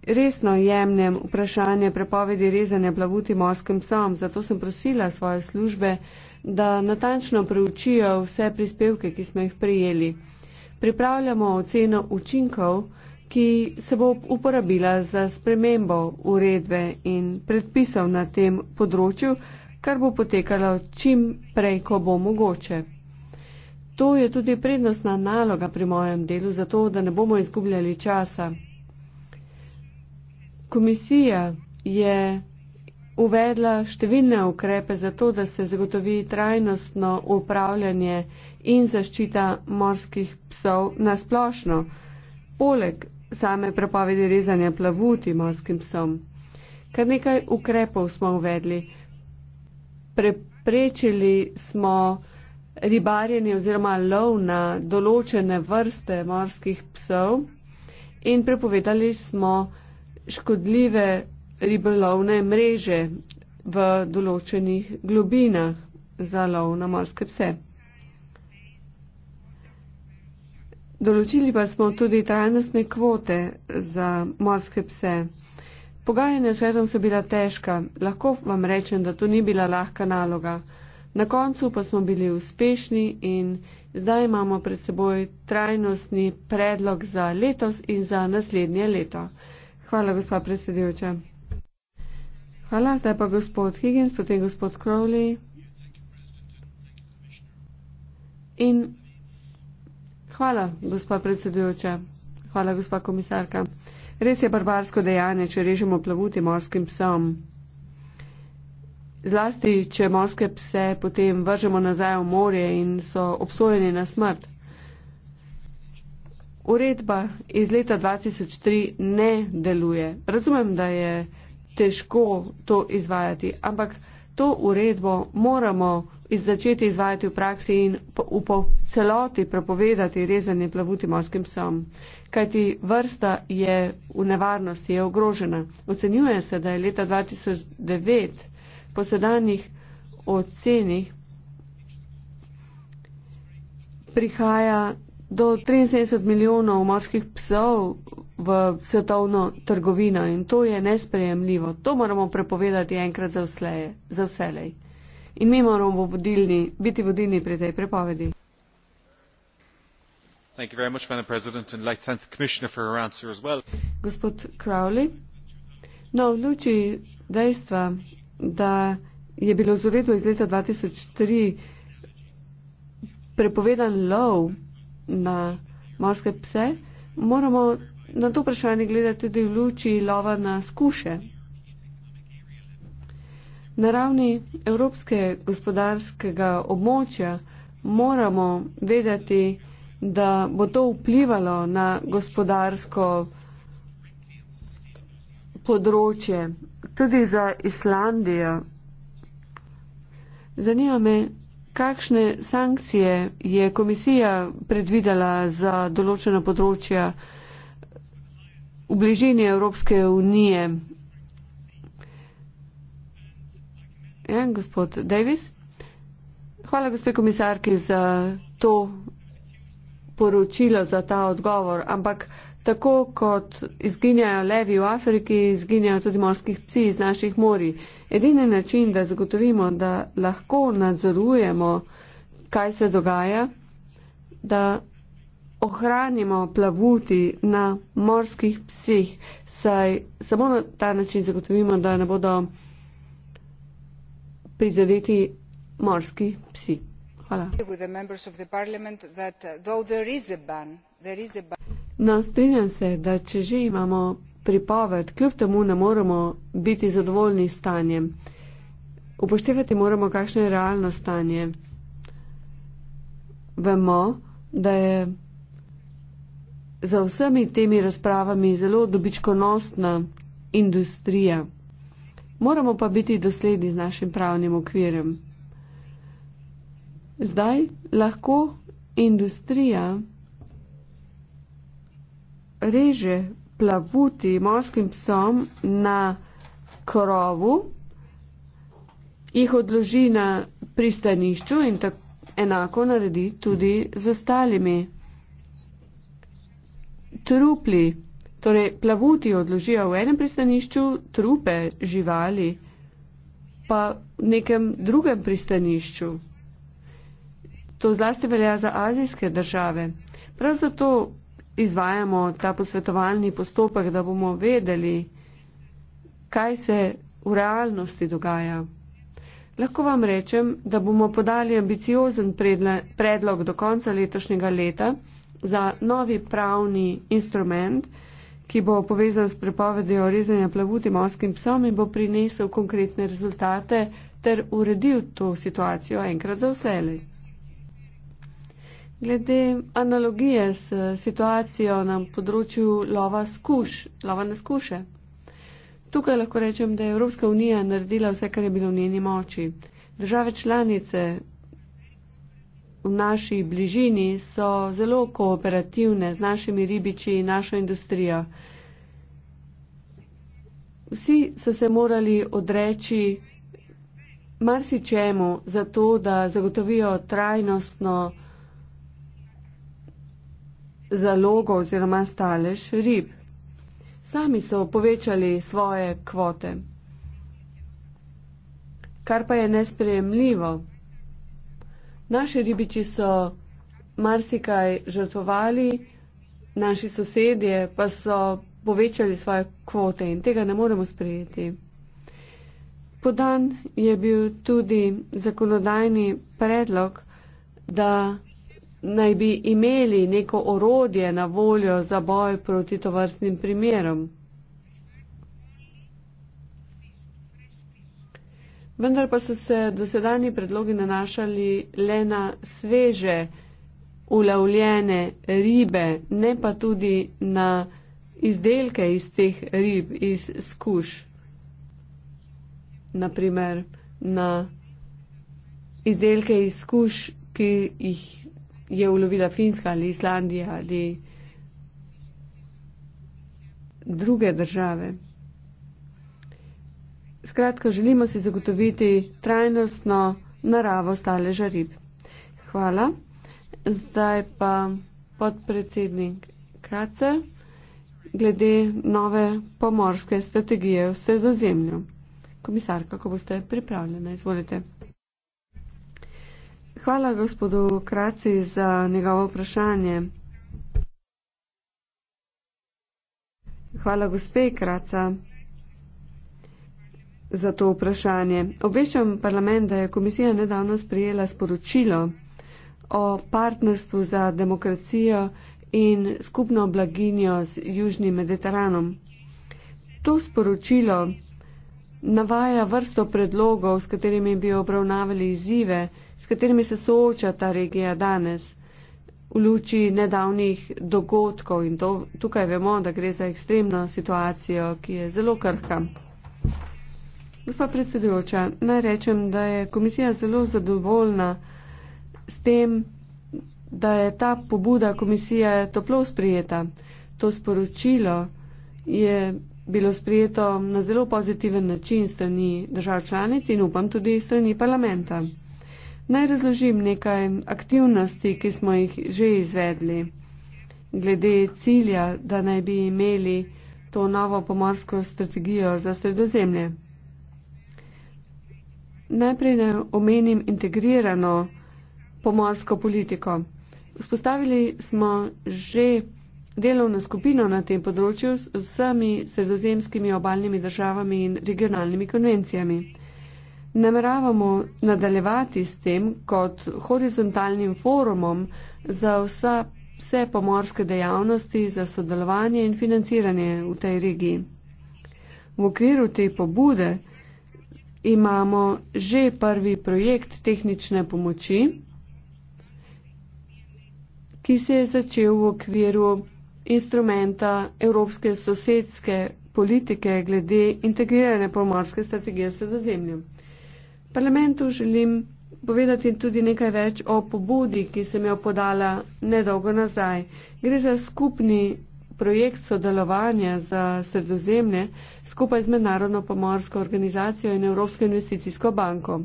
Speaker 3: resno jemnem vprašanje prepovedi rezanja plavuti morskim psom, zato sem prosila svoje službe, da natančno preučijo vse prispevke, ki smo jih prijeli. Pripravljamo oceno učinkov, ki se bo uporabila za spremembo uredbe in predpisov na tem področju, kar bo potekalo čim prej, ko bo mogoče. To je tudi prednostna naloga pri mojem delu, zato da ne bomo izgubljali časa. Komisija je uvedla številne ukrepe za to, da se zagotovi trajnostno upravljanje in zaščita morskih psov na splošno, poleg same prepovedi rezanja plavuti morskim psom. Kar nekaj ukrepov smo uvedli. Preprečili smo ribarjenje oziroma lov na določene vrste morskih psov in prepovedali smo škodljive ribolovne mreže v določenih globinah za lov na morske pse. Določili pa smo tudi trajnostne kvote za morske pse. Pogajanja s svetom so bila težka, lahko vam rečem, da to ni bila lahka naloga. Na koncu pa smo bili uspešni in zdaj imamo pred seboj trajnostni predlog za letos in za naslednje leto. Hvala, gospa predsedujoča. Hvala, zdaj pa gospod Higgins, potem gospod Crowley. In hvala, gospa predsedujoča. Hvala, gospa komisarka. Res je barbarsko dejanje, če režemo plavuti morskim psom. Zlasti, če morske pse potem vržemo nazaj v morje in so obsojeni na smrt uredba iz leta 2003 ne deluje. Razumem, da je težko to izvajati, ampak to uredbo moramo iz začeti izvajati v praksi in v celoti prepovedati rezanje plavuti morskim psom. Kajti vrsta je v nevarnosti, je ogrožena. Ocenjuje se, da je leta 2009 po sedanjih ocenih prihaja do 73 milijonov morskih psov v svetovno trgovino in to je nesprejemljivo. To moramo prepovedati enkrat za, vsleje, za vselej. In mi moramo vodilni, biti vodilni pri tej prepovedi.
Speaker 1: Thank you very much, Madam President, and I'd like to thank the Commissioner for her answer as well.
Speaker 3: Gospod Crowley, no, v luči dejstva, da je bilo z uredbo iz leta 2003 prepovedan lov na morske pse, moramo na to vprašanje gledati tudi v luči lova na skuše. Na ravni Evropske gospodarskega območja moramo vedeti, da bo to vplivalo na gospodarsko področje, tudi za Islandijo. Zanima me, kakšne sankcije je komisija predvidela za določena področja v bližini Evropske unije? Ja, gospod Davis. Hvala, gospe komisarki, za to poročilo, za ta odgovor. Ampak Tako kot izginjajo levi v Afriki, izginjajo tudi morskih psi iz naših mori. Edini način, da zagotovimo, da lahko nadzorujemo, kaj se dogaja, da ohranimo plavuti na morskih psih, saj samo na ta način zagotovimo, da ne bodo prizadeti morski psi. Hvala. No, strinjam se, da če že imamo pripoved, kljub temu ne moremo biti zadovoljni s stanjem. Upoštevati moramo, kakšno je realno stanje. Vemo, da je za vsemi temi razpravami zelo dobičkonostna industrija. Moramo pa biti dosledni z našim pravnim okvirem. Zdaj lahko industrija reže plavuti morskim psom na krovu, jih odloži na pristanišču in tako enako naredi tudi z ostalimi. Trupli, torej plavuti odložijo v enem pristanišču, trupe živali pa v nekem drugem pristanišču. To zlasti velja za azijske države. Prav zato izvajamo ta posvetovalni postopek, da bomo vedeli, kaj se v realnosti dogaja. Lahko vam rečem, da bomo podali ambiciozen predlog do konca letošnjega leta za novi pravni instrument, ki bo povezan s prepovedjo rezanja plavuti morskim psom in bo prinesel konkretne rezultate ter uredil to situacijo enkrat za vselej. Glede analogije s situacijo na področju lova, skuš, lova na skuše. Tukaj lahko rečem, da je Evropska unija naredila vse, kar je bilo v njeni moči. Države članice v naši bližini so zelo kooperativne z našimi ribiči in našo industrijo. Vsi so se morali odreči marsičemu za to, da zagotovijo trajnostno zalogo oziroma stalež rib. Sami so povečali svoje kvote, kar pa je nesprejemljivo. Naši ribiči so marsikaj žrtvovali, naši sosedje pa so povečali svoje kvote in tega ne moremo sprejeti. Podan je bil tudi zakonodajni predlog, da naj bi imeli neko orodje na voljo za boj proti tovrstnim primerom. Vendar pa so se dosedani predlogi nanašali le na sveže, ulovljene ribe, ne pa tudi na izdelke iz teh rib, iz skuš, naprimer na izdelke iz skuš, ki jih je ulovila Finska ali Islandija ali druge države. Skratka, želimo si zagotoviti trajnostno naravo stale žarib. Hvala. Zdaj pa podpredsednik Kracel glede nove pomorske strategije v sredozemlju. Komisarka, ko boste pripravljena, izvolite. Hvala gospodu Kraci za njegovo vprašanje. Hvala gospe Kraca za to vprašanje. Obveščam parlament, da je komisija nedavno sprijela sporočilo o partnerstvu za demokracijo in skupno blaginjo z Južnim Mediteranom. To sporočilo navaja vrsto predlogov, s katerimi bi obravnavali izzive, s katerimi se sooča ta regija danes v luči nedavnih dogodkov in to tukaj vemo, da gre za ekstremno situacijo, ki je zelo krhka. Gospa predsedujoča, naj rečem, da je komisija zelo zadovoljna s tem, da je ta pobuda komisije toplo sprijeta. To sporočilo je bilo sprijeto na zelo pozitiven način strani držav članic in upam tudi strani parlamenta. Naj razložim nekaj aktivnosti, ki smo jih že izvedli. Glede cilja, da naj bi imeli to novo pomorsko strategijo za sredozemlje. Najprej ne omenim integrirano pomorsko politiko. Vzpostavili smo že delovno skupino na tem področju z vsemi sredozemskimi obaljnimi državami in regionalnimi konvencijami nameravamo nadaljevati s tem kot horizontalnim forumom za vsa, vse pomorske dejavnosti, za sodelovanje in financiranje v tej regiji. V okviru te pobude imamo že prvi projekt tehnične pomoči, ki se je začel v okviru instrumenta Evropske sosedske politike glede integrirane pomorske strategije sredozemljem parlamentu želim povedati tudi nekaj več o pobudi, ki sem jo podala nedolgo nazaj. Gre za skupni projekt sodelovanja za sredozemlje skupaj z Mednarodno pomorsko organizacijo in Evropsko investicijsko banko.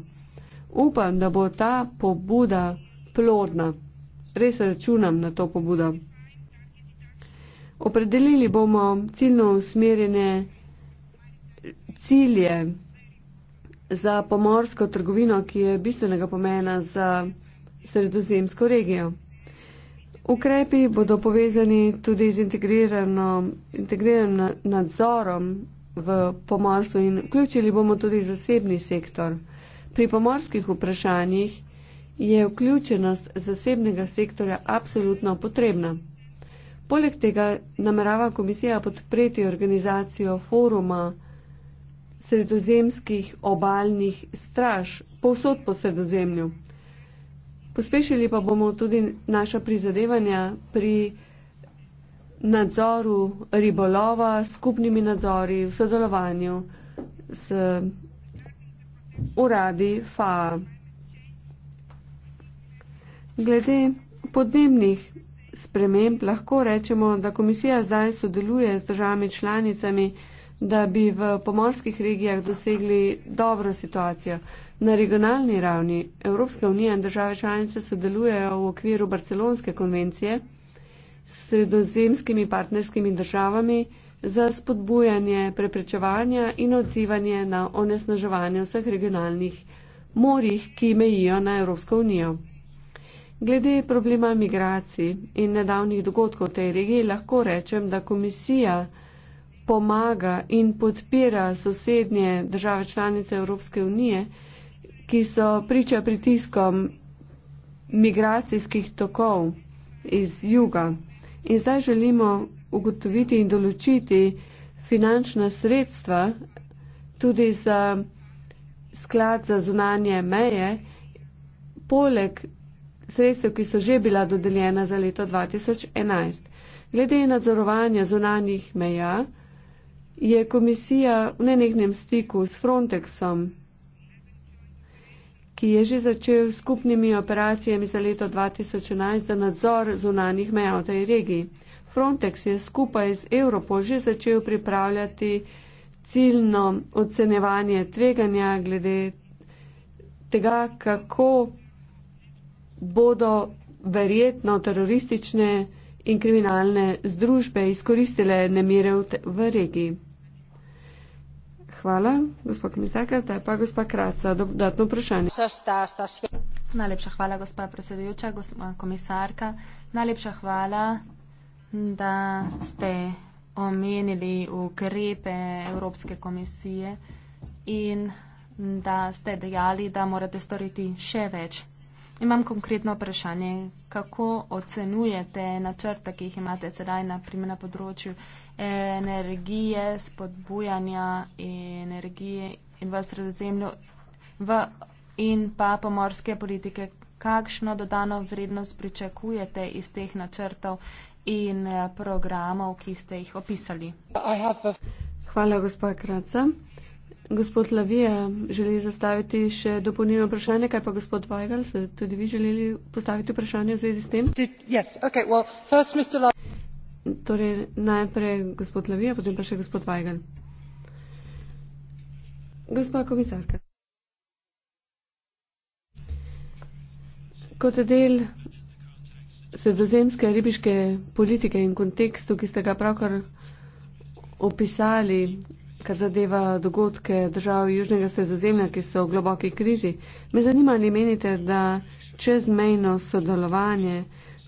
Speaker 3: Upam, da bo ta pobuda plodna. Res računam na to pobudo. Opredelili bomo ciljno usmerjene cilje za pomorsko trgovino, ki je bistvenega pomena za sredozemsko regijo. Ukrepi bodo povezani tudi z integriranim nadzorom v pomorstvu in vključili bomo tudi zasebni sektor. Pri pomorskih vprašanjih je vključenost zasebnega sektorja absolutno potrebna. Poleg tega namerava komisija podpreti organizacijo foruma sredozemskih obalnih straž, povsod po sredozemlju. Pospešili pa bomo tudi naša prizadevanja pri nadzoru ribolova, skupnimi nadzori v sodelovanju s uradi FAA. Glede podnebnih sprememb lahko rečemo, da komisija zdaj sodeluje z državami članicami, da bi v pomorskih regijah dosegli dobro situacijo. Na regionalni ravni Evropska unija in države članice sodelujejo v okviru Barcelonske konvencije s sredozemskimi partnerskimi državami za spodbujanje preprečevanja in odzivanje na onesnaževanje vseh regionalnih morjih, ki mejijo na Evropsko unijo. Glede problema migracij in nedavnih dogodkov v tej regiji lahko rečem, da komisija pomaga in podpira sosednje države članice Evropske unije, ki so priča pritiskom migracijskih tokov iz juga. In zdaj želimo ugotoviti in določiti finančna sredstva tudi za sklad za zunanje meje, poleg sredstev, ki so že bila dodeljena za leto 2011. Glede nadzorovanja zunanjih meja, je komisija v nenehnem stiku s Frontexom, ki je že začel skupnimi operacijami za leto 2011 za nadzor zunanih meja v tej regiji. Frontex je skupaj z Evropo že začel pripravljati ciljno ocenevanje tveganja glede tega, kako bodo verjetno teroristične in kriminalne združbe izkoristile nemire v, te, v regiji hvala, gospod komisarka. Zdaj pa gospa Kraca, dodatno vprašanje.
Speaker 2: Najlepša hvala, gospa predsedujoča, gospa komisarka. Najlepša hvala, da ste omenili ukrepe Evropske komisije in da ste dejali, da morate storiti še več. Imam konkretno vprašanje, kako ocenujete načrte, ki jih imate sedaj, naprimer na področju energije, spodbujanja energije in v sredozemlju v in pa pomorske politike. Kakšno dodano vrednost pričakujete iz teh načrtov in eh, programov, ki ste
Speaker 3: jih opisali? Hvala, gospod Kraca. Gospod Lavija želi zastaviti še dopolnilno vprašanje, kaj pa gospod Weigel, se tudi vi želeli postaviti vprašanje v zvezi s tem? Did, yes, okay, well, first, Torej, najprej gospod Lavija, potem pa še gospod Vajgal. Gospa komisarka. Kot del sredozemske ribiške politike in kontekstu, ki ste ga pravkar opisali, kar zadeva dogodke držav Južnega sredozemlja, ki so v globoki krizi, me zanima, ali menite, da čezmejno sodelovanje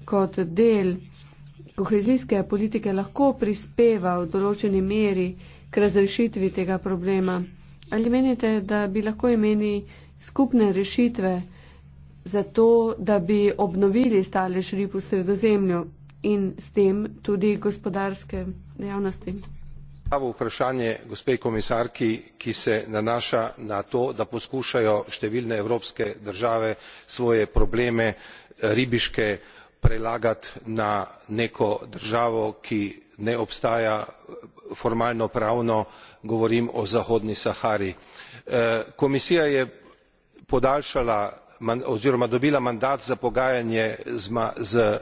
Speaker 3: kot del kohezijske politike lahko prispeva v določeni meri k razrešitvi tega problema. Ali menite, da bi lahko imeli skupne rešitve za to, da bi obnovili stale šrip v sredozemlju in s tem tudi gospodarske dejavnosti?
Speaker 2: Pravo vprašanje gospe komisarki, ki se nanaša na to, da poskušajo številne evropske države svoje probleme ribiške prelagati na neko državo ki ne obstaja formalno pravno govorim o zahodni sahari. E, komisija je podaljšala oziroma dobila mandat za pogajanje z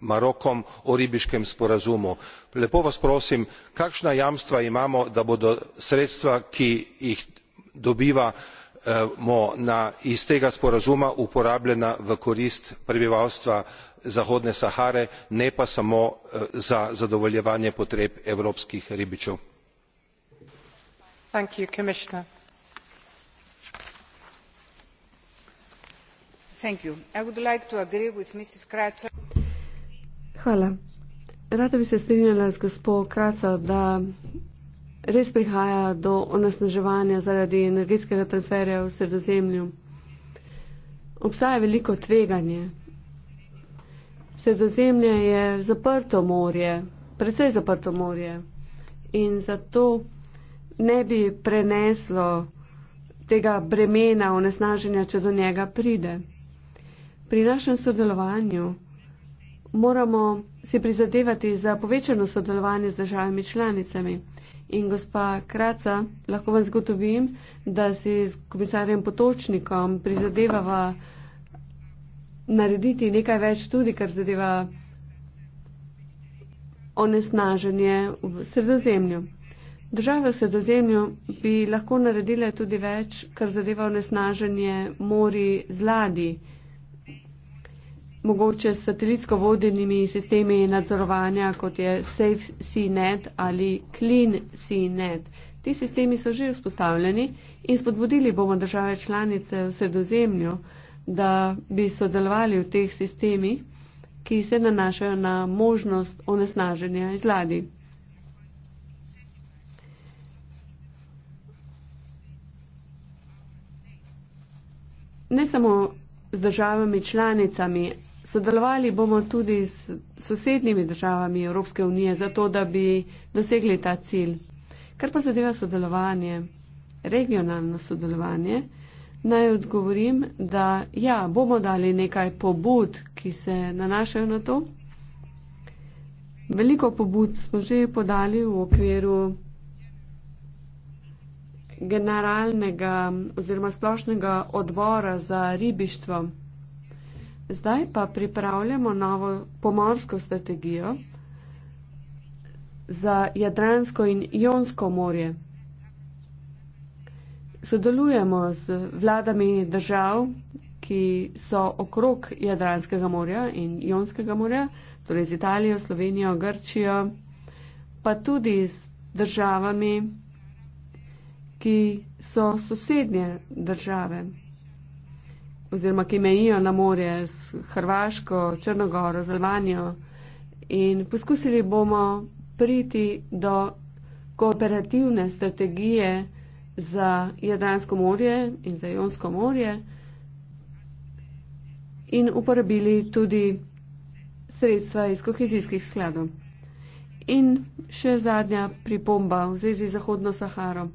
Speaker 2: marokom o ribiškem sporazumu. lepo vas prosim kakšna jamstva imamo da bodo sredstva ki jih dobivamo e, iz tega sporazuma uporabljena v korist prebivalstva zahodne sahare ne pa samo eh, za zadovoljevanje potreb
Speaker 3: evropskih ribičev. rada bi se strinjala z gospo kratsa da res prihaja do onesnaževanja zaradi energetskega transferja v sredozemlju. obstaja veliko tveganje Sredozemlje je zaprto morje, precej zaprto morje in zato ne bi preneslo tega bremena onesnaženja, če do njega pride. Pri našem sodelovanju moramo si prizadevati za povečano sodelovanje z državami članicami. In gospa Kraca, lahko vam zgotovim, da si s komisarjem Potočnikom prizadevava narediti nekaj več tudi, kar zadeva onesnaženje v sredozemlju. Države v sredozemlju bi lahko naredile tudi več, kar zadeva onesnaženje mori z ladi, mogoče s satelitsko vodenimi sistemi nadzorovanja, kot je Safe Sea Net ali Clean Sea Net. Ti sistemi so že vzpostavljeni in spodbudili bomo države članice v sredozemlju, da bi sodelovali v teh sistemih, ki se nanašajo na možnost onesnaženja iz ladi. Ne samo z državami članicami, sodelovali bomo tudi s sosednjimi državami Evropske unije, zato da bi dosegli ta cilj. Kar pa zadeva sodelovanje, regionalno sodelovanje, Naj odgovorim, da ja, bomo dali nekaj pobud, ki se nanašajo na to. Veliko pobud smo že podali v okviru generalnega oziroma splošnega odbora za ribištvo. Zdaj pa pripravljamo novo pomorsko strategijo za Jadransko in Jonsko morje sodelujemo z vladami držav, ki so okrog Jadranskega morja in Jonskega morja, torej z Italijo, Slovenijo, Grčijo, pa tudi z državami, ki so sosednje države oziroma ki mejijo na morje s Hrvaško, Črnogoro, z Albanijo. In poskusili bomo priti do kooperativne strategije, za Jadransko morje in za Jonsko morje in uporabili tudi sredstva iz kohezijskih skladov. In še zadnja pripomba v zvezi z Zahodno Saharo.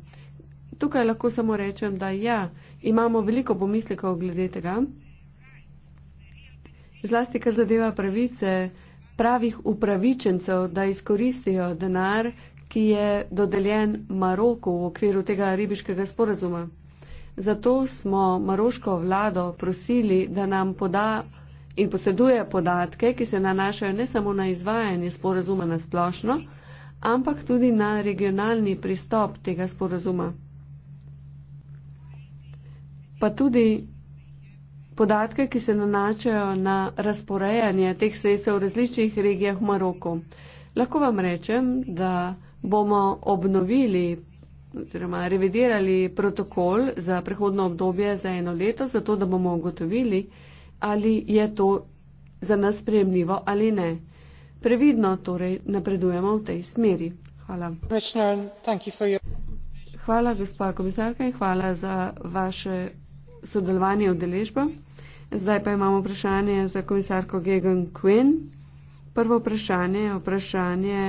Speaker 3: Tukaj lahko samo rečem, da ja, imamo veliko pomislekov glede tega, zlasti kar zadeva pravice pravih upravičencev, da izkoristijo denar, ki je dodeljen Maroku v okviru tega ribiškega sporazuma. Zato smo maroško vlado prosili, da nam poda in poseduje podatke, ki se nanašajo ne samo na izvajanje sporazuma na splošno, ampak tudi na regionalni pristop tega sporazuma. Pa tudi podatke, ki se nanašajo na razporejanje teh sredstev v različnih regijah v Maroku. Lahko vam rečem, da bomo obnovili oziroma revidirali protokol za prehodno obdobje za eno leto, zato da bomo ugotovili, ali je to za nas sprejemljivo ali ne. Previdno torej napredujemo v tej smeri. Hvala. Hvala, gospa komisarka, in hvala za vaše sodelovanje v deležbo. Zdaj pa imamo vprašanje za komisarko Gegen Quinn. Prvo vprašanje je vprašanje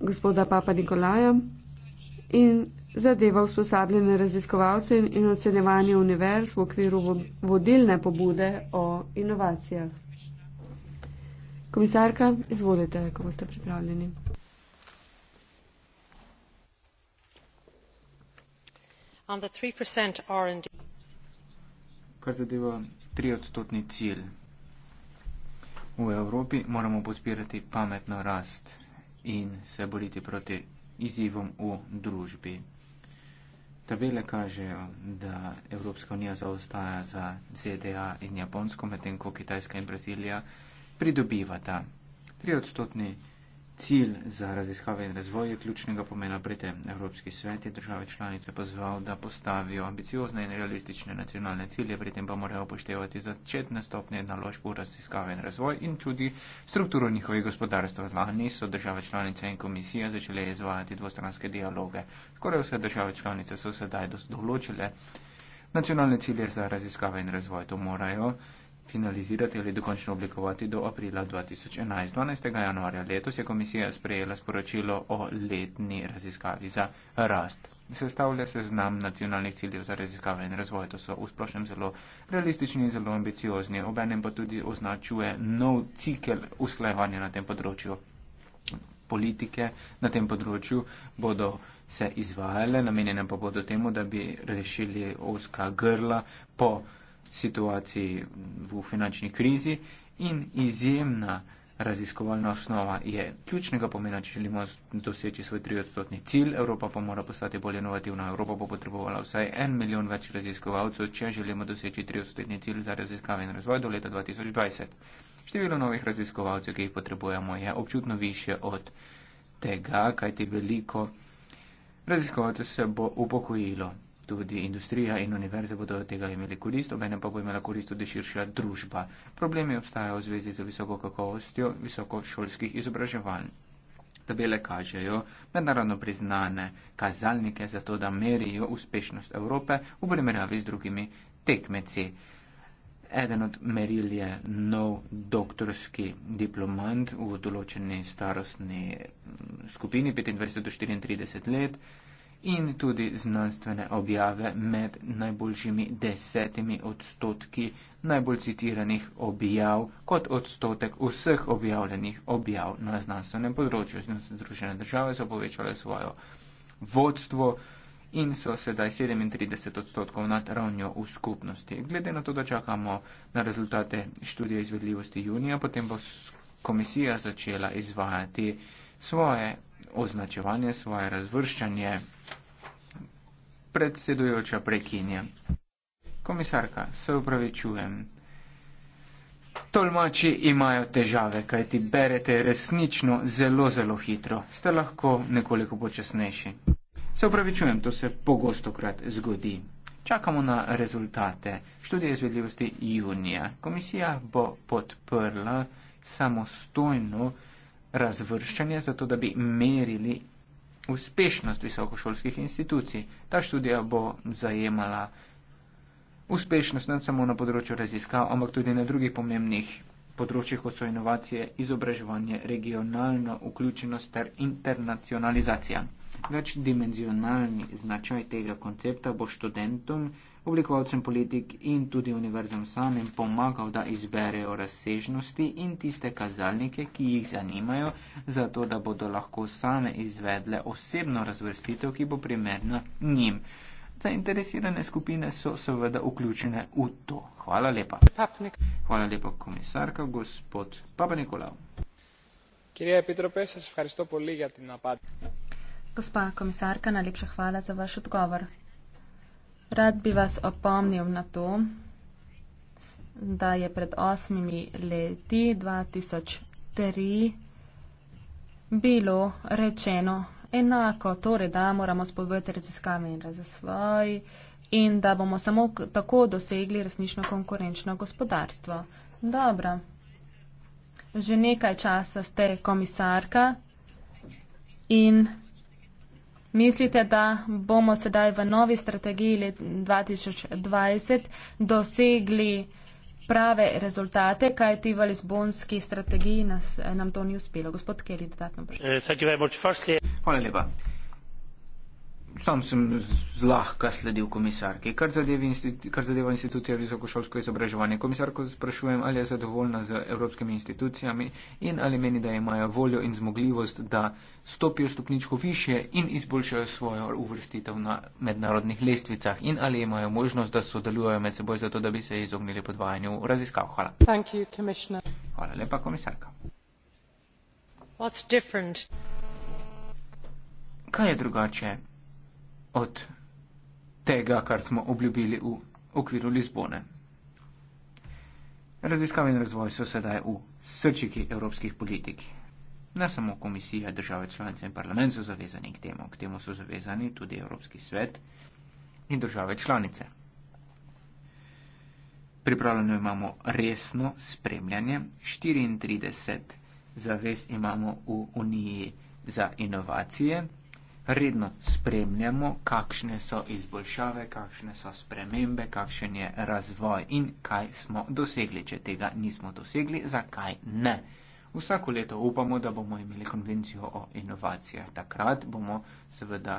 Speaker 3: gospoda Papa Nikolaja in zadeva usposabljene raziskovalce in ocenjevanje univerz v okviru vodilne pobude o inovacijah. Komisarka, izvolite, ko boste pripravljeni.
Speaker 1: Kar zadeva triodstotni cilj. V Evropi moramo podpirati pametno rast in se boriti proti izzivom v družbi. Tabele kažejo, da Evropska unija zaostaja za ZDA in Japonsko, medtem ko Kitajska in Brazilija pridobivata. 3-odstotni Cilj za raziskave in razvoj je ključnega pomena pri tem. Evropski svet je države članice pozval, da postavijo ambiciozne in realistične nacionalne cilje, pri tem pa morajo upoštevati začetne stopnje naložb v raziskave in razvoj in tudi strukturo njihovih gospodarstv. Lani so države članice in komisija začele izvajati dvostranske dialoge. Skoraj vse države članice so sedaj določile nacionalne cilje za raziskave in razvoj. To morajo finalizirati ali dokončno oblikovati do aprila 2011. 12. januarja letos je komisija sprejela sporočilo o letni raziskavi za rast. Sestavlja se znam nacionalnih ciljev za raziskave in razvoj. To so v splošnem zelo realistični in zelo ambiciozni. Obenem pa tudi označuje nov cikel usklajevanja na tem področju. Politike na tem področju bodo se izvajale, namenjene pa bodo temu, da bi rešili oska grla po situaciji v finančni krizi in izjemna raziskovalna osnova je ključnega pomena, če želimo doseči svoj 3-odstotni cilj. Evropa pa mora postati bolj inovativna. Evropa bo potrebovala vsaj en milijon več raziskovalcev, če želimo doseči 3-odstotni cilj za raziskave in razvoj do leta 2020. Število novih raziskovalcev, ki jih potrebujemo, je občutno više od tega, kajti veliko raziskovalcev se bo upokojilo tudi industrija in univerze bodo od tega imeli korist, obenem pa bo imela korist tudi širša družba. Problemi obstajajo v zvezi z visoko kakovostjo visokošolskih izobraževanj. Tabele kažejo mednarodno priznane kazalnike za to, da merijo uspešnost Evrope v primerjavi z drugimi tekmeci. Eden od meril je nov doktorski diplomant v določeni starostni skupini 25 do 34 let in tudi znanstvene objave med najboljšimi desetimi odstotki najbolj citiranih objav kot odstotek vseh objavljenih objav na znanstvenem področju. Združene države so povečale svojo vodstvo in so sedaj 37 odstotkov nad ravnjo v skupnosti. Glede na to, da čakamo na rezultate študije izvedljivosti junija, potem bo komisija začela izvajati svoje označevanje, svoje razvrščanje. Predsedujoča prekinje. Komisarka, se upravičujem. Tolmači imajo težave, kajti berete resnično zelo, zelo hitro. Ste lahko nekoliko počasnejši. Se upravičujem, to se pogosto krat zgodi. Čakamo na rezultate. Študija izvedljivosti junija. Komisija bo podprla samostojno razvrščanje, zato da bi merili uspešnost visokošolskih institucij. Ta študija bo zajemala uspešnost ne samo na področju raziskav, ampak tudi na drugih pomembnih področjih, kot so inovacije, izobraževanje, regionalna vključenost ter internacionalizacija. Večdimenzionalni značaj tega koncepta bo študentom, oblikovalcem politik in tudi univerzam samim pomagal, da izberejo razsežnosti in tiste kazalnike, ki jih zanimajo, zato da bodo lahko same izvedle osebno razvrstitev, ki bo primerna njim. Zainteresirane skupine so seveda vključene v to. Hvala lepa. Papnik. Hvala lepa, komisarka, gospod Papa Nikolaov.
Speaker 2: Gospa komisarka, najlepša hvala za vaš odgovor. Rad bi vas opomnil na to, da je pred osmimi leti 2003 bilo rečeno enako, torej da moramo spodbojati raziskave in razvoj in da bomo samo tako dosegli resnično konkurenčno gospodarstvo. Dobro. Že nekaj časa ste komisarka in Mislite, da bomo sedaj v novi strategiji let 2020 dosegli prave rezultate, kajti v Lizbonski strategiji nas, nam to ni uspelo? Gospod Kelly, dodatno
Speaker 1: vprašanje. Eh, Hvala lepa sam sem zlahka sledil komisarki, kar zadeva, institu, kar zadeva institucija visokošolsko izobraževanje. Komisarko sprašujem, ali je zadovoljna z evropskimi institucijami in ali meni, da imajo voljo in zmogljivost, da stopijo stopničko više in izboljšajo svojo uvrstitev na mednarodnih lestvicah in ali imajo možnost, da sodelujejo med seboj zato, da bi se izognili podvajanju raziskav. Hvala.
Speaker 2: You,
Speaker 1: Hvala lepa, komisarka.
Speaker 2: What's different?
Speaker 1: Kaj je drugače? od tega, kar smo obljubili v okviru Lizbone. Raziskave in razvoj so sedaj v srčiki evropskih politik. Ne samo komisija, države članice in parlament so zavezani k temu, k temu so zavezani tudi Evropski svet in države članice. Pripravljeno imamo resno spremljanje, 34 zavez imamo v Uniji za inovacije, redno spremljamo, kakšne so izboljšave, kakšne so spremembe, kakšen je razvoj in kaj smo dosegli. Če tega nismo dosegli, zakaj ne? Vsako leto upamo, da bomo imeli konvencijo o inovacijah. Takrat bomo seveda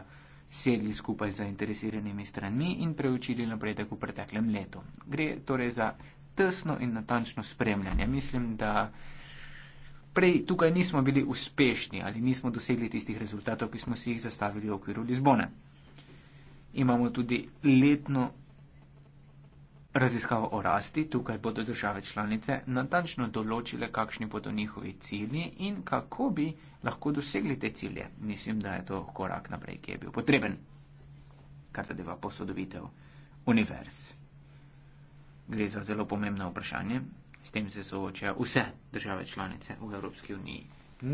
Speaker 1: sedli skupaj z zainteresiranimi stranmi in preučili napredek v preteklem letu. Gre torej za tesno in natančno spremljanje. Mislim, da prej tukaj nismo bili uspešni ali nismo dosegli tistih rezultatov, ki smo si jih zastavili v okviru Lizbone. Imamo tudi letno raziskavo o rasti, tukaj bodo države članice natančno določile, kakšni bodo njihovi cilji in kako bi lahko dosegli te cilje. Mislim, da je to korak naprej, ki je bil potreben, kar zadeva posodobitev univerz. Gre za zelo pomembno vprašanje, s tem se soočajo vse države članice v Evropski uniji.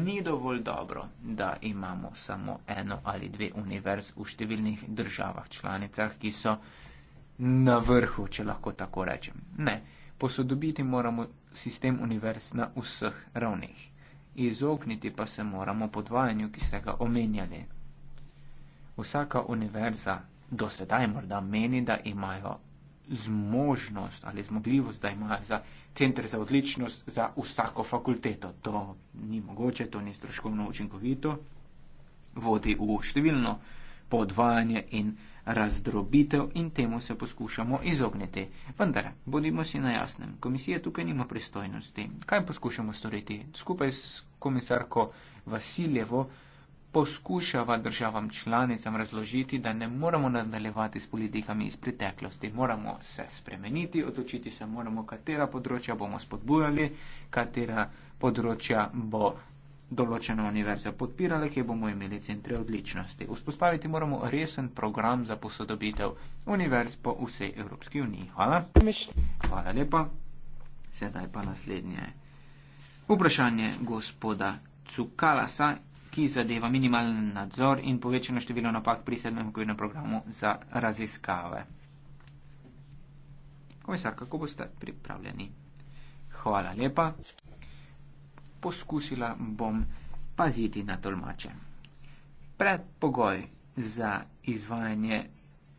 Speaker 1: Ni dovolj dobro, da imamo samo eno ali dve univerz v številnih državah članicah, ki so na vrhu, če lahko tako rečem. Ne, posodobiti moramo sistem univerz na vseh ravneh. Izogniti pa se moramo podvajanju, ki ste ga omenjali. Vsaka univerza do sedaj morda meni, da imajo zmožnost ali zmogljivost, da ima za center za odličnost za vsako fakulteto. To ni mogoče, to ni stroškovno učinkovito, vodi v številno podvajanje in razdrobitev in temu se poskušamo izogniti. Vendar, bodimo si na jasnem, komisija tukaj nima pristojnosti. Kaj poskušamo storiti? Skupaj s komisarko Vasiljevo poskušava državam članicam razložiti, da ne moramo nadaljevati s politikami iz preteklosti. Moramo se spremeniti, odločiti se moramo, katera področja bomo spodbujali, katera področja bo določena univerza podpirala, kje bomo imeli centre odličnosti. Vzpostaviti moramo resen program za posodobitev univerz po vsej Evropski uniji. Hvala. Hvala lepa. Sedaj pa naslednje. Vprašanje gospoda Cukalasa ki zadeva minimalen nadzor in povečano število napak pri sedmem okvirnem programu za raziskave. Komisar, kako boste pripravljeni? Hvala lepa. Poskusila bom paziti na tolmače. Predpogoj za izvajanje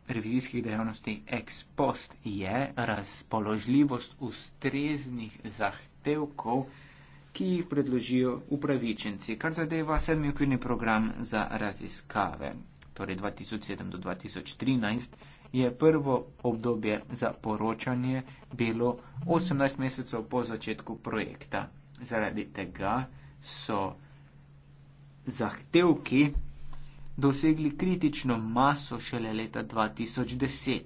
Speaker 1: revizijskih dejavnosti ex post je razpoložljivost ustreznih zahtevkov, ki jih predložijo upravičenci, kar zadeva sedmi okvirni program za raziskave. Torej 2007 do 2013 je prvo obdobje za poročanje bilo 18 mesecev po začetku projekta. Zaradi tega so zahtevki dosegli kritično maso šele leta 2010.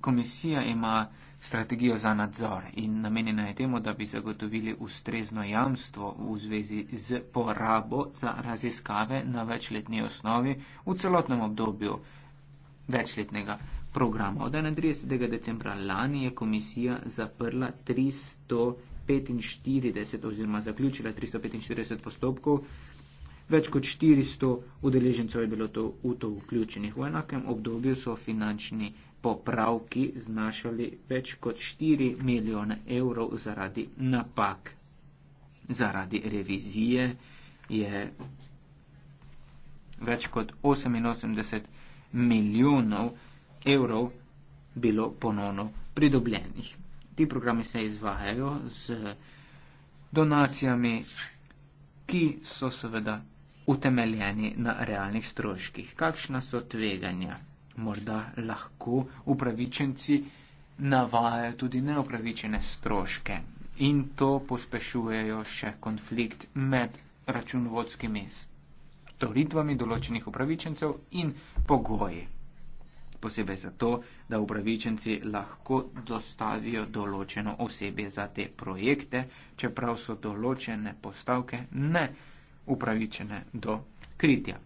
Speaker 1: Komisija ima strategijo za nadzor in namenjena je temu, da bi zagotovili ustrezno jamstvo v zvezi z porabo za raziskave na večletni osnovi v celotnem obdobju večletnega programa. Od 31. decembra lani je komisija zaprla 345 oziroma zaključila 345 postopkov. Več kot 400 udeležencev je bilo to, v to vključenih. V enakem obdobju so finančni popravki znašali več kot 4 milijone evrov zaradi napak. Zaradi revizije je več kot 88 milijonov evrov bilo ponovno pridobljenih. Ti programi se izvajajo z donacijami, ki so seveda utemeljeni na realnih stroških. Kakšna so tveganja? morda lahko upravičenci navajajo tudi neupravičene stroške in to pospešujejo še konflikt med računovodskimi storitvami določenih upravičencev in pogoji. Posebej zato, da upravičenci lahko dostavijo določeno osebje za te projekte, čeprav so določene postavke ne upravičene do kritja.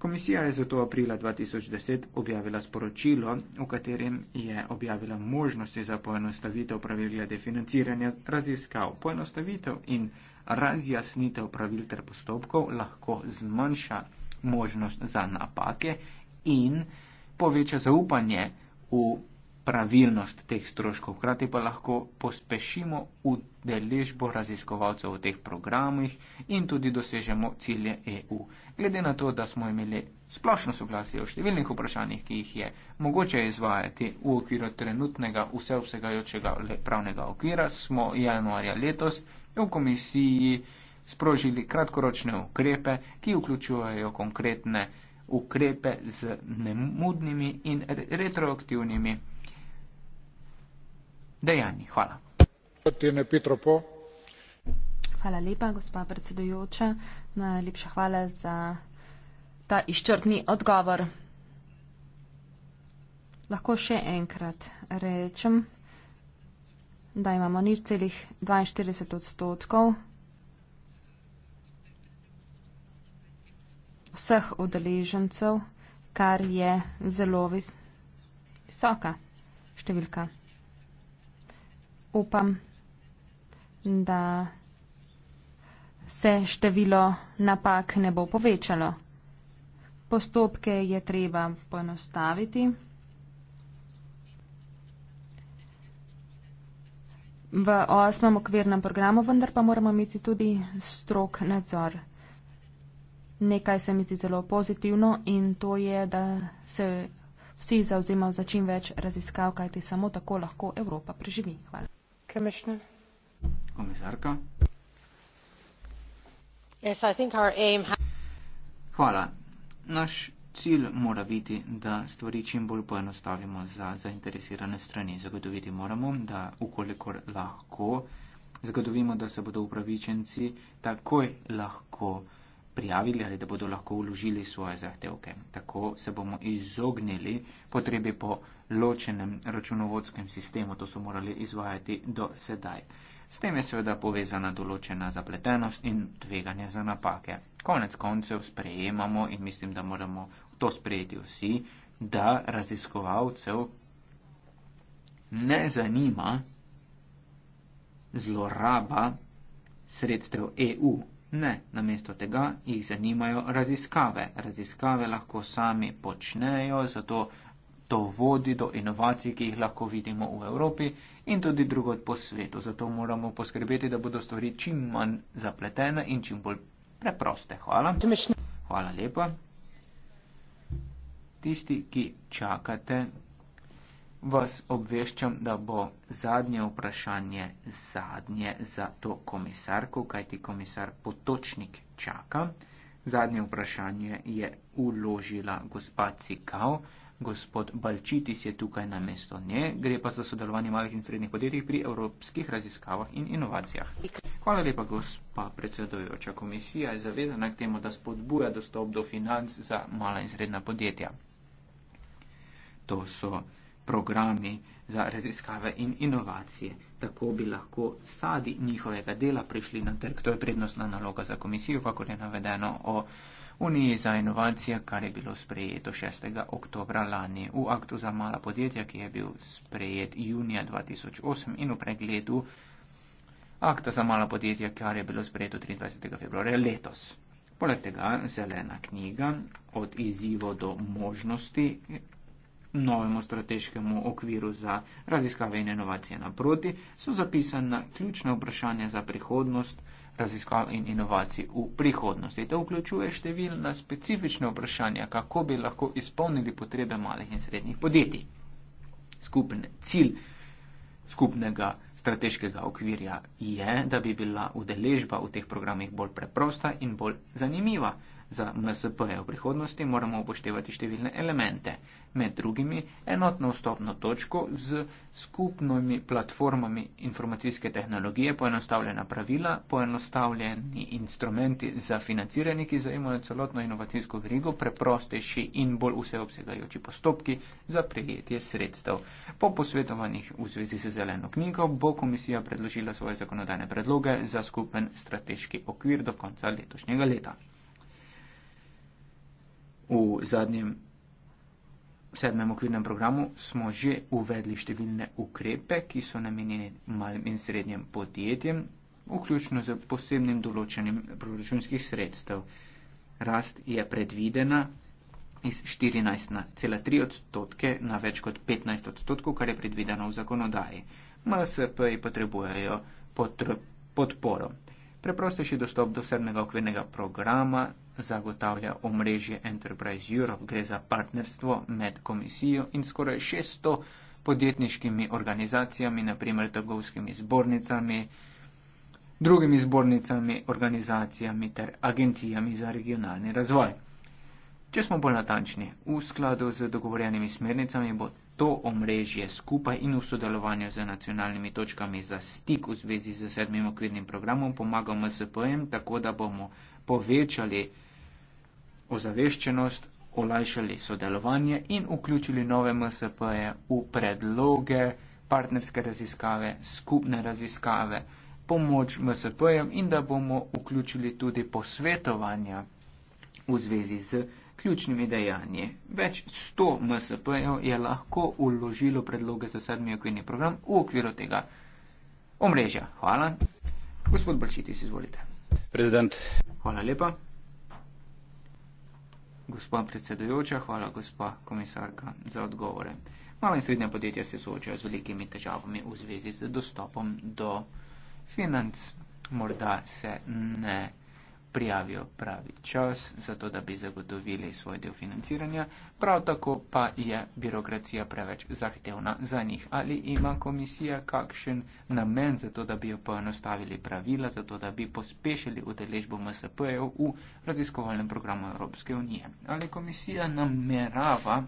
Speaker 1: Komisija je zato aprila 2010 objavila sporočilo, v katerem je objavila možnosti za poenostavitev pravil glede financiranja raziskav. Poenostavitev in razjasnitev pravil ter postopkov lahko zmanjša možnost za napake in poveča zaupanje v pravilnost teh stroškov. Hkrati pa lahko pospešimo udeležbo raziskovalcev v teh programih in tudi dosežemo cilje EU. Glede na to, da smo imeli splošno soglasje o številnih vprašanjih, ki jih je mogoče izvajati v okviru trenutnega vseobsegajočega pravnega okvira, smo januarja letos v komisiji sprožili kratkoročne ukrepe, ki vključujejo konkretne ukrepe z nemudnimi in retroaktivnimi dejanji. Hvala.
Speaker 2: Hvala lepa, gospa predsedujoča. Najlepša hvala za ta izčrpni odgovor. Lahko še enkrat rečem, da imamo nič celih 42 odstotkov vseh udeležencev, kar je zelo visoka številka upam, da se število napak ne bo povečalo. Postopke je treba poenostaviti. V osmem okvirnem programu vendar pa moramo imeti tudi strok nadzor. Nekaj se mi zdi zelo pozitivno in to je, da se vsi zauzemamo za čim več raziskav, kajti samo tako lahko Evropa preživi. Hvala.
Speaker 1: Naš cilj mora biti, da stvari čim bolj poenostavimo za zainteresirane strani. Zagotoviti moramo, da ukolikor lahko, zagotovimo, da se bodo upravičenci takoj lahko prijavili ali da bodo lahko uložili svoje zahtevke. Tako se bomo izognili potrebi po ločenem računovodskem sistemu, to so morali izvajati do sedaj. S tem je seveda povezana določena zapletenost in tveganje za napake. Konec koncev sprejemamo in mislim, da moramo to sprejeti vsi, da raziskovalcev ne zanima zloraba sredstev EU Ne, namesto tega jih zanimajo raziskave. Raziskave lahko sami počnejo, zato to vodi do inovacij, ki jih lahko vidimo v Evropi in tudi drugod po svetu. Zato moramo poskrbeti, da bodo stvari čim manj zapletene in čim bolj preproste. Hvala. Hvala lepa. Tisti, ki čakate, vas obveščam, da bo zadnje vprašanje zadnje za to komisarko, kajti komisar Potočnik čaka. Zadnje vprašanje je uložila gospa Cikao, gospod Balčitis je tukaj na mesto nje, gre pa za sodelovanje malih in srednjih podjetij pri evropskih raziskavah in inovacijah. Hvala lepa, gospa predsedojoča. Komisija je zavezana k temu, da spodbuja dostop do financ za mala in srednja podjetja. To so programi za raziskave in inovacije. Tako bi lahko sadi njihovega dela prišli na trg. To je prednostna naloga za komisijo, kako je navedeno o Uniji za inovacije, kar je bilo sprejeto 6. oktober lani v aktu za mala podjetja, ki je bil sprejet junija 2008 in v pregledu akta za mala podjetja, kar je bilo sprejeto 23. februarja letos. Poleg tega zelena knjiga od izzivo do možnosti novemu strateškemu okviru za raziskave in inovacije naproti, so zapisana ključna vprašanja za prihodnost raziskav in inovacij v prihodnosti. To vključuje številna specifična vprašanja, kako bi lahko izpolnili potrebe malih in srednjih podjetij. Skupne cilj skupnega strateškega okvirja je, da bi bila udeležba v teh programih bolj preprosta in bolj zanimiva. Za MSP-je v prihodnosti moramo upoštevati številne elemente, med drugimi enotno vstopno točko z skupnimi platformami informacijske tehnologije, poenostavljena pravila, poenostavljeni instrumenti za financiranje, ki zajemajo celotno inovacijsko verigo, preprostejši in bolj vseobsegajoči postopki za prejetje sredstev. Po posvetovanjih v zvezi z zeleno knjigo bo komisija predložila svoje zakonodajne predloge za skupen strateški okvir do konca letošnjega leta. V zadnjem sedmem okvirnem programu smo že uvedli številne ukrepe, ki so namenjeni malim in srednjem podjetjem, vključno z posebnim določenjem proračunskih sredstev. Rast je predvidena iz 14,3 odstotke na več kot 15 odstotkov, kar je predvideno v zakonodaji. MSP potrebujejo potr podporo. Preprostejši dostop do sedmega okvirnega programa zagotavlja omrežje Enterprise Europe. Gre za partnerstvo med komisijo in skoraj 600 podjetniškimi organizacijami, naprimer trgovskimi zbornicami, drugimi zbornicami, organizacijami ter agencijami za regionalni razvoj. Če smo bolj natančni, v skladu z dogovorjenimi smernicami bo to omrežje skupaj in v sodelovanju z nacionalnimi točkami za stik v zvezi z sedmim okvirnim programom pomagal MSPM, tako da bomo povečali ozaveščenost, olajšali sodelovanje in vključili nove MSP-je v predloge, partnerske raziskave, skupne raziskave, pomoč MSP-jem in da bomo vključili tudi posvetovanja v zvezi z ključnimi dejanji. Več 100 MSP-jev je lahko uložilo predloge za sedmi okvirni program v okviru tega omrežja. Hvala. Gospod Balčiti, izvolite. Prezident. Hvala lepa. Gospa predsedujoča, hvala gospa komisarka za odgovore. Mala in srednja podjetja se soočajo z velikimi težavami v zvezi z dostopom do financ. Morda se ne prijavijo pravi čas, zato da bi zagotovili svoj del financiranja, prav tako pa je birokracija preveč zahtevna za njih. Ali ima komisija kakšen namen za to, da bi jo poenostavili pravila, za to, da bi pospešili udeležbo MSP-jev v raziskovalnem programu Evropske unije? Ali komisija namerava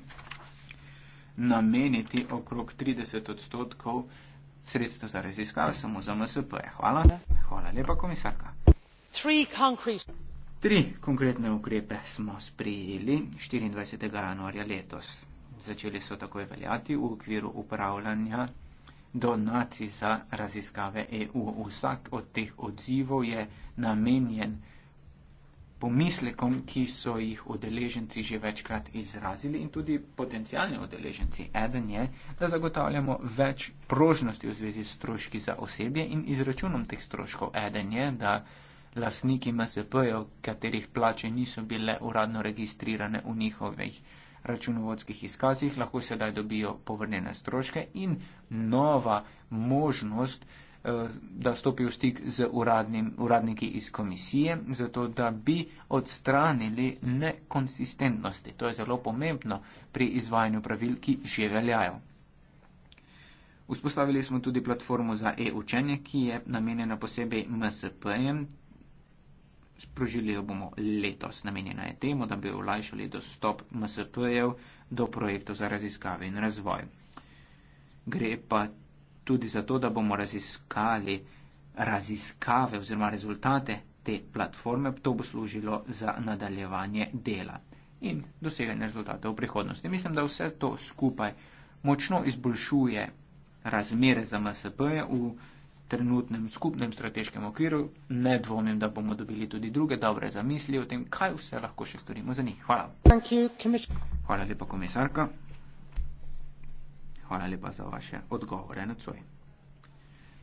Speaker 1: nameniti okrog 30 odstotkov sredstva za raziskave samo za MSP-je? Hvala. Hvala lepa, komisarka. Tri konkretne ukrepe smo sprejeli 24. januarja letos. Začeli so takoj veljati v okviru upravljanja donacij za raziskave EU. Vsak od teh odzivov je namenjen pomislekom, ki so jih odeleženci že večkrat izrazili in tudi potencijalni odeleženci. Eden je, da zagotavljamo več prožnosti v zvezi s stroški za osebje in izračunom teh stroškov. Eden je, da lasniki MSP-jev, katerih plače niso bile uradno registrirane v njihovih računovodskih izkazih, lahko sedaj dobijo povrnjene stroške in nova možnost, eh, da stopijo v stik z uradnim, uradniki iz komisije, zato da bi odstranili nekonsistentnosti. To je zelo pomembno pri izvajanju pravil, ki že veljajo. Vzpostavili smo tudi platformo za e-učenje, ki je namenjena posebej MSP-jem, sprožili jo bomo letos. Namenjena je temu, da bi olajšali dostop MSP-jev do projektov za raziskave in razvoj. Gre pa tudi za to, da bomo raziskali raziskave oziroma rezultate te platforme, to bo služilo za nadaljevanje dela in doseganje rezultatov v prihodnosti. Mislim, da vse to skupaj močno izboljšuje razmere za MSP-je v prihodnosti trenutnem skupnem strateškem okviru, ne dvomim, da bomo dobili tudi druge dobre zamisli o tem, kaj vse lahko še storimo za njih. Hvala. Hvala lepa, komisarka. Hvala lepa za vaše odgovore na coj.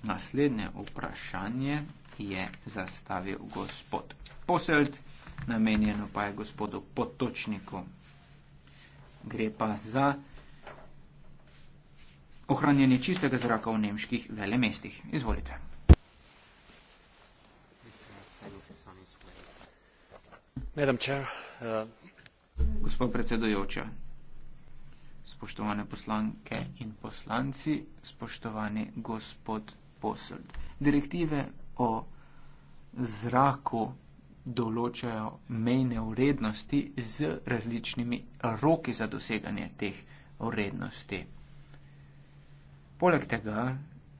Speaker 1: Naslednje vprašanje je zastavil gospod Poselt, namenjeno pa je gospodu Potočniku. Gre pa za ohranjanje čistega zraka v nemških velemestih. Izvolite. Madam Chair. Uh... Gospod predsedujoča, spoštovane poslanke in poslanci, spoštovani gospod Posled. Direktive o zraku določajo mejne vrednosti z različnimi roki za doseganje teh vrednosti. Poleg tega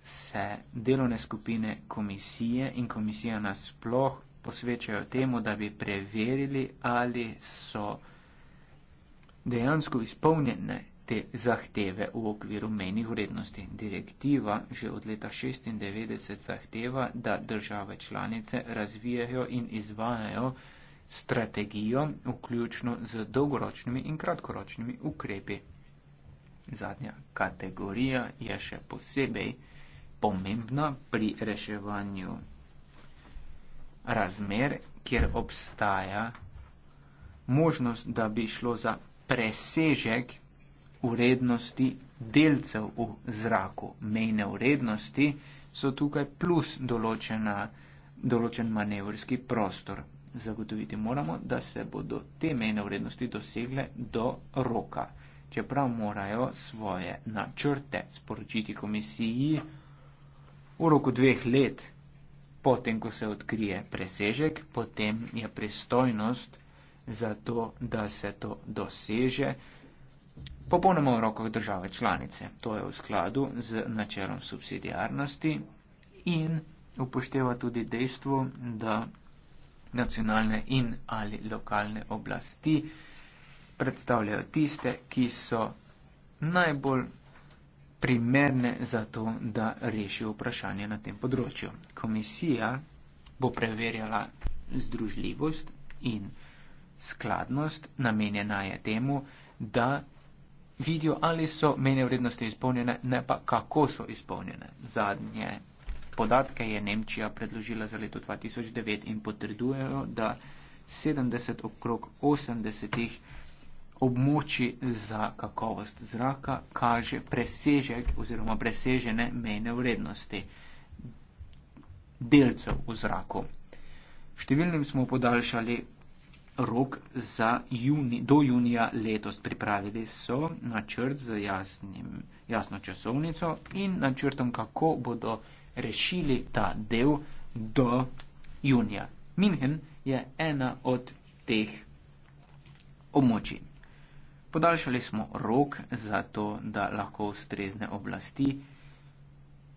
Speaker 1: se delovne skupine komisije in komisija nasploh posvečajo temu, da bi preverili, ali so dejansko izpolnjene te zahteve v okviru menih vrednosti. Direktiva že od leta 1996 zahteva, da države članice razvijajo in izvajajo strategijo, vključno z dolgoročnimi in kratkoročnimi ukrepi zadnja kategorija je še posebej pomembna pri reševanju razmer, kjer obstaja možnost, da bi šlo za presežek vrednosti delcev v zraku. Mejne vrednosti so tukaj plus določena, določen manevrski prostor. Zagotoviti moramo, da se bodo te mejne vrednosti dosegle do roka čeprav morajo svoje načrte sporočiti komisiji v roku dveh let, potem ko se odkrije presežek, potem je pristojnost za to, da se to doseže popolnoma v rokah države članice. To je v skladu z načelom subsidijarnosti in upošteva tudi dejstvo, da nacionalne in ali lokalne oblasti predstavljajo tiste, ki so najbolj primerne za to, da rešijo vprašanje na tem področju. Komisija bo preverjala združljivost in skladnost, namenjena je temu, da vidijo, ali so mene vrednosti izpolnjene, ne pa kako so izpolnjene. Zadnje podatke je Nemčija predložila za leto 2009 in potrdujejo, da 70 okrog 80 območji za kakovost zraka kaže presežek oziroma presežene mejne vrednosti delcev v zraku. Številnim smo podaljšali rok za juni, do junija letos. Pripravili so načrt z jasnim, jasno časovnico in načrtom, kako bodo rešili ta del do junija. München je ena od teh območij. Podaljšali smo rok za to, da lahko ustrezne oblasti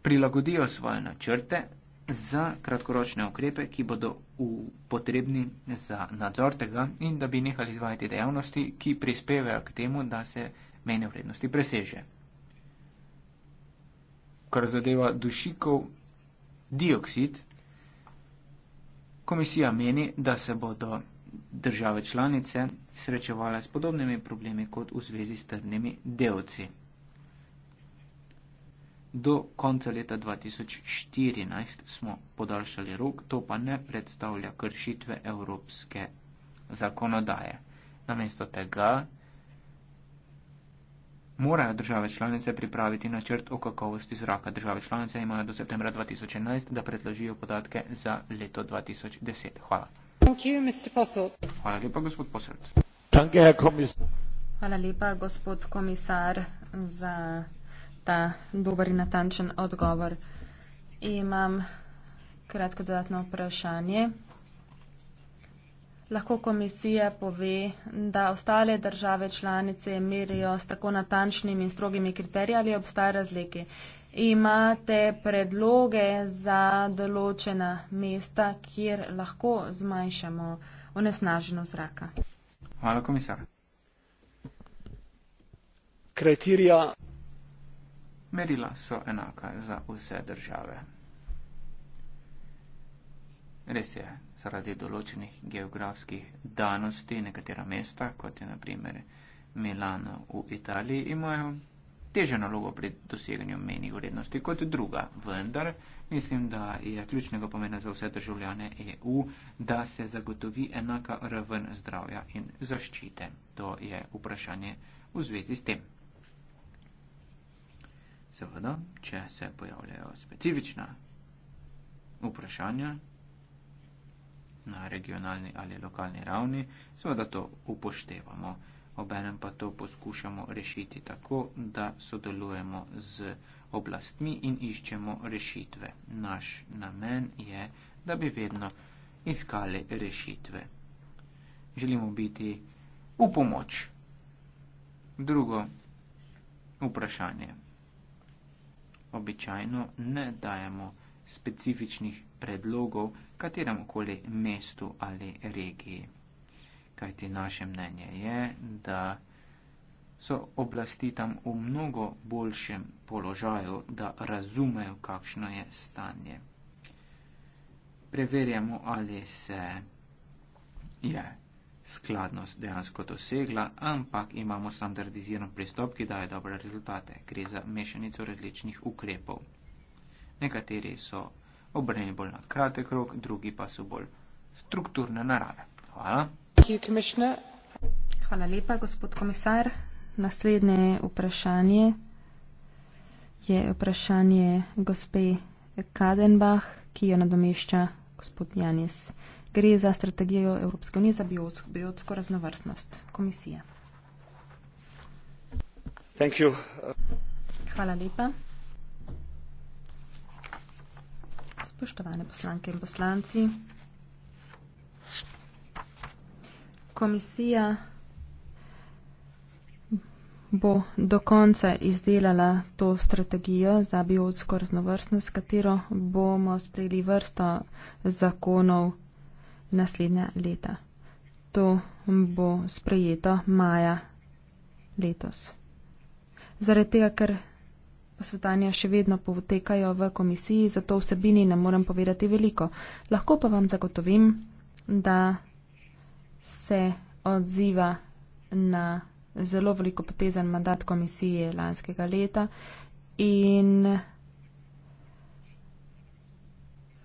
Speaker 1: prilagodijo svoje načrte za kratkoročne ukrepe, ki bodo potrebni za nadzor tega in da bi nehali izvajati dejavnosti, ki prispevajo k temu, da se mejne vrednosti preseže. Kar zadeva dušikov dioksid, komisija meni, da se bodo države članice srečevale s podobnimi problemi kot v zvezi s trdnimi delci. Do konca leta 2014 smo podaljšali rok, to pa ne predstavlja kršitve evropske zakonodaje. Namesto tega morajo države članice pripraviti načrt o kakovosti zraka. Države članice imajo do septembra 2011, da predložijo podatke za leto 2010. Hvala.
Speaker 2: Hvala lepa,
Speaker 1: gospod Posselt.
Speaker 2: Hvala lepa, gospod komisar, za ta dober in natančen odgovor. Imam kratko dodatno vprašanje. Lahko komisija pove, da ostale države članice merijo s tako natančnimi in strogimi kriteriji ali obstaja razlike? imate predloge za določena mesta, kjer lahko zmanjšamo onesnaženo zraka?
Speaker 1: Hvala, komisar. Kriterija. Merila so enaka za vse države. Res je, zaradi določenih geografskih danosti nekatera mesta, kot je naprimer Milano v Italiji, imajo težjo nalogo pri doseganju menjih vrednosti kot druga. Vendar mislim, da je ključnega pomena za vse državljane EU, da se zagotovi enaka raven zdravja in zaščite. To je vprašanje v zvezi s tem. Seveda, če se pojavljajo specifična vprašanja na regionalni ali lokalni ravni, seveda to upoštevamo obenem pa to poskušamo rešiti tako, da sodelujemo z oblastmi in iščemo rešitve. Naš namen je, da bi vedno iskali rešitve. Želimo biti v pomoč. Drugo vprašanje. Običajno ne dajemo specifičnih predlogov kateremu koli mestu ali regiji. Kajti naše mnenje je, da so oblasti tam v mnogo boljšem položaju, da razumejo, kakšno je stanje. Preverjamo, ali se je skladnost dejansko dosegla, ampak imamo standardiziran pristop, ki daje dobre rezultate. Gre za mešanico različnih ukrepov. Nekateri so obrnjeni bolj na kratek rok, drugi pa so bolj strukturne narave.
Speaker 2: Hvala. Hvala lepa, gospod komisar. Naslednje vprašanje je vprašanje gospe Kadenbach, ki jo nadomešča gospod Janis. Gre za strategijo Evropske unije za biotsko, biotsko raznovrstnost. Komisija. Thank you. Hvala lepa. Spoštovane poslanke in poslanci, komisija bo do konca izdelala to strategijo za biotsko raznovrstnost, katero bomo sprejeli vrsto zakonov naslednja leta. To bo sprejeto maja letos. Zaradi tega, ker posvetanja še vedno potekajo v komisiji, zato vsebini ne morem povedati veliko. Lahko pa vam zagotovim, da se odziva na zelo veliko potezen mandat komisije lanskega leta in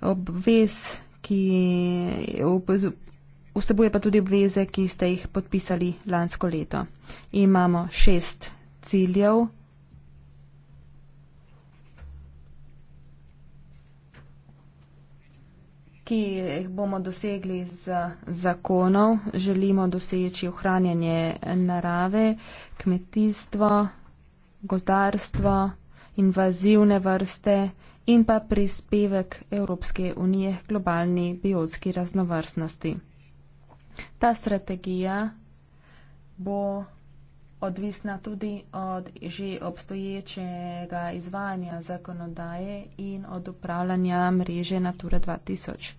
Speaker 2: obvez, ki vsebuje pa tudi obveze, ki ste jih podpisali lansko leto. Imamo šest ciljev. ki jih bomo dosegli z zakonov. Želimo doseči ohranjanje narave, kmetijstvo, gozdarstvo, invazivne vrste in pa prispevek Evropske unije k globalni biotski raznovrstnosti. Ta strategija bo odvisna tudi od že obstoječega izvajanja zakonodaje in od upravljanja mreže Natura 2000.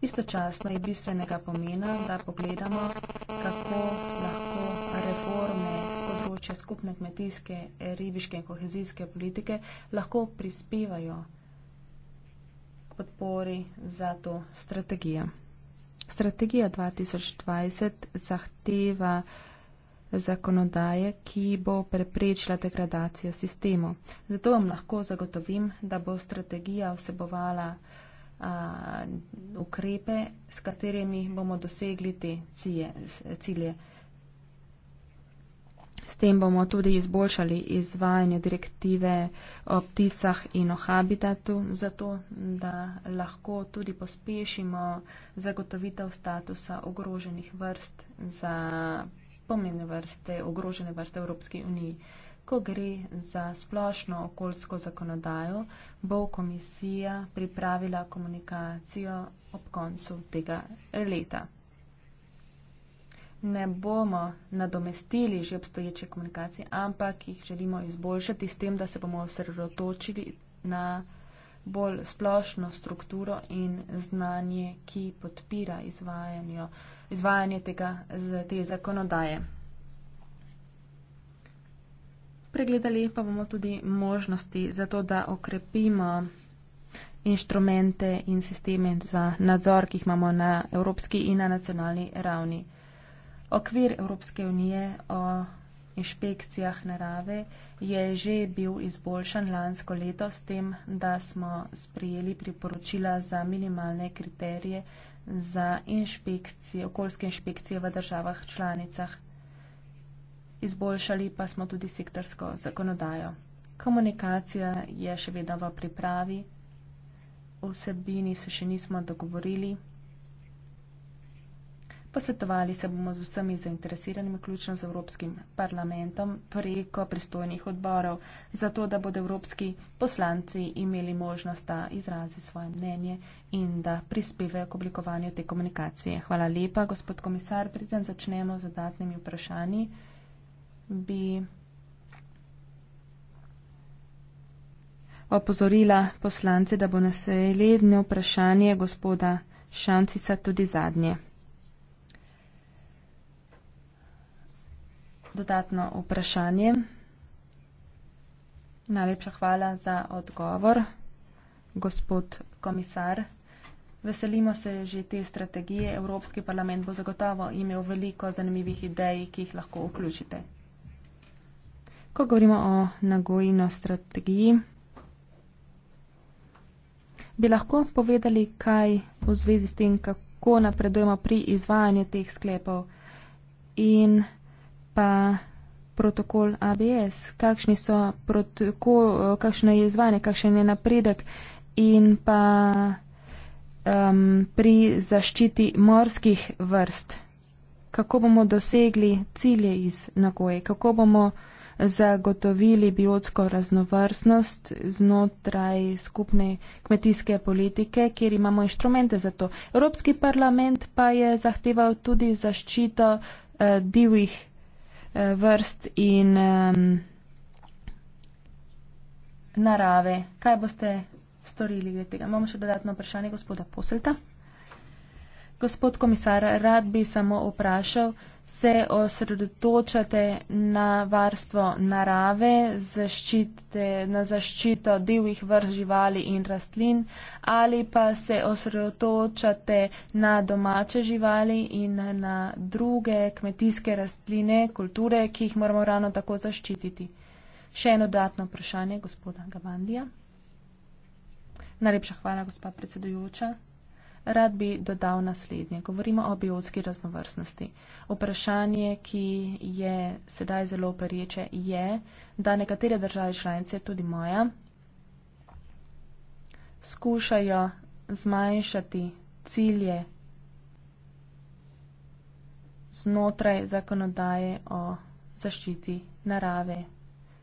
Speaker 2: Istočasno je bistvenega pomena, da pogledamo, kako lahko reforme z področja skupne kmetijske, ribiške in kohezijske politike lahko prispevajo k podpori za to strategijo. Strategija 2020 zahteva zakonodaje, ki bo preprečila degradacijo sistemov. Zato vam lahko zagotovim, da bo strategija vsebovala a, ukrepe, s katerimi bomo dosegli te cije, cilje. S tem bomo tudi izboljšali izvajanje direktive o pticah in o habitatu, zato da lahko tudi pospešimo zagotovitev statusa ogroženih vrst za pomembne vrste, ogrožene vrste Evropske unije. Ko gre za splošno okoljsko zakonodajo, bo komisija pripravila komunikacijo ob koncu tega leta. Ne bomo nadomestili že obstoječe komunikacije, ampak jih želimo izboljšati s tem, da se bomo osredotočili na bolj splošno strukturo in znanje, ki podpira izvajanje izvajanje tega, te zakonodaje. Pregledali pa bomo tudi možnosti za to, da okrepimo inštrumente in sisteme za nadzor, ki jih imamo na evropski in na nacionalni ravni. Okvir Evropske unije o inšpekcijah narave je že bil izboljšan lansko leto s tem, da smo sprijeli priporočila za minimalne kriterije za inšpekcije, okoljske inšpekcije v državah članicah. Izboljšali pa smo tudi sektorsko zakonodajo. Komunikacija je še vedno v pripravi, vsebini se še nismo dogovorili. Posvetovali se bomo z vsemi zainteresiranimi, vključno z Evropskim parlamentom, preko pristojnih odborov, zato da bodo evropski poslanci imeli možnost, da izrazi svoje mnenje in da prispevajo k oblikovanju te komunikacije. Hvala lepa, gospod komisar. Preden začnemo z dodatnimi vprašanji, bi opozorila poslance, da bo naslednje vprašanje gospoda Šancisa tudi zadnje. dodatno vprašanje. Najlepša hvala za odgovor, gospod komisar. Veselimo se že te strategije. Evropski parlament bo zagotovo imel veliko zanimivih idej, ki jih lahko vključite. Ko govorimo o nagojino strategiji, bi lahko povedali, kaj v zvezi s tem, kako napredujemo pri izvajanju teh sklepov in kako pa protokol ABS, kakšni so protokol, kakšno je izvanje, kakšen je napredek in pa um, pri zaščiti morskih vrst, kako bomo dosegli cilje iz Nagoje, kako bomo zagotovili biotsko raznovrstnost znotraj skupne kmetijske politike, kjer imamo inštrumente za to. Evropski parlament pa je zahteval tudi zaščito uh, divjih Eh, vrst in um, narave. Kaj boste storili glede tega? Imamo še dodatno vprašanje gospoda Poselta. Gospod komisar, rad bi samo vprašal, se osredotočate na varstvo narave, zaščite, na zaščito divjih vrst živali in rastlin ali pa se osredotočate na domače živali in na druge kmetijske rastline, kulture, ki jih moramo ravno tako zaščititi? Še eno dodatno vprašanje, gospoda Gavandija. Najlepša hvala, gospa predsedujoča rad bi dodal naslednje. Govorimo o biotski raznovrstnosti. Vprašanje, ki je sedaj zelo pereče, je, da nekatere države članice, tudi moja, skušajo zmanjšati cilje znotraj zakonodaje o zaščiti narave.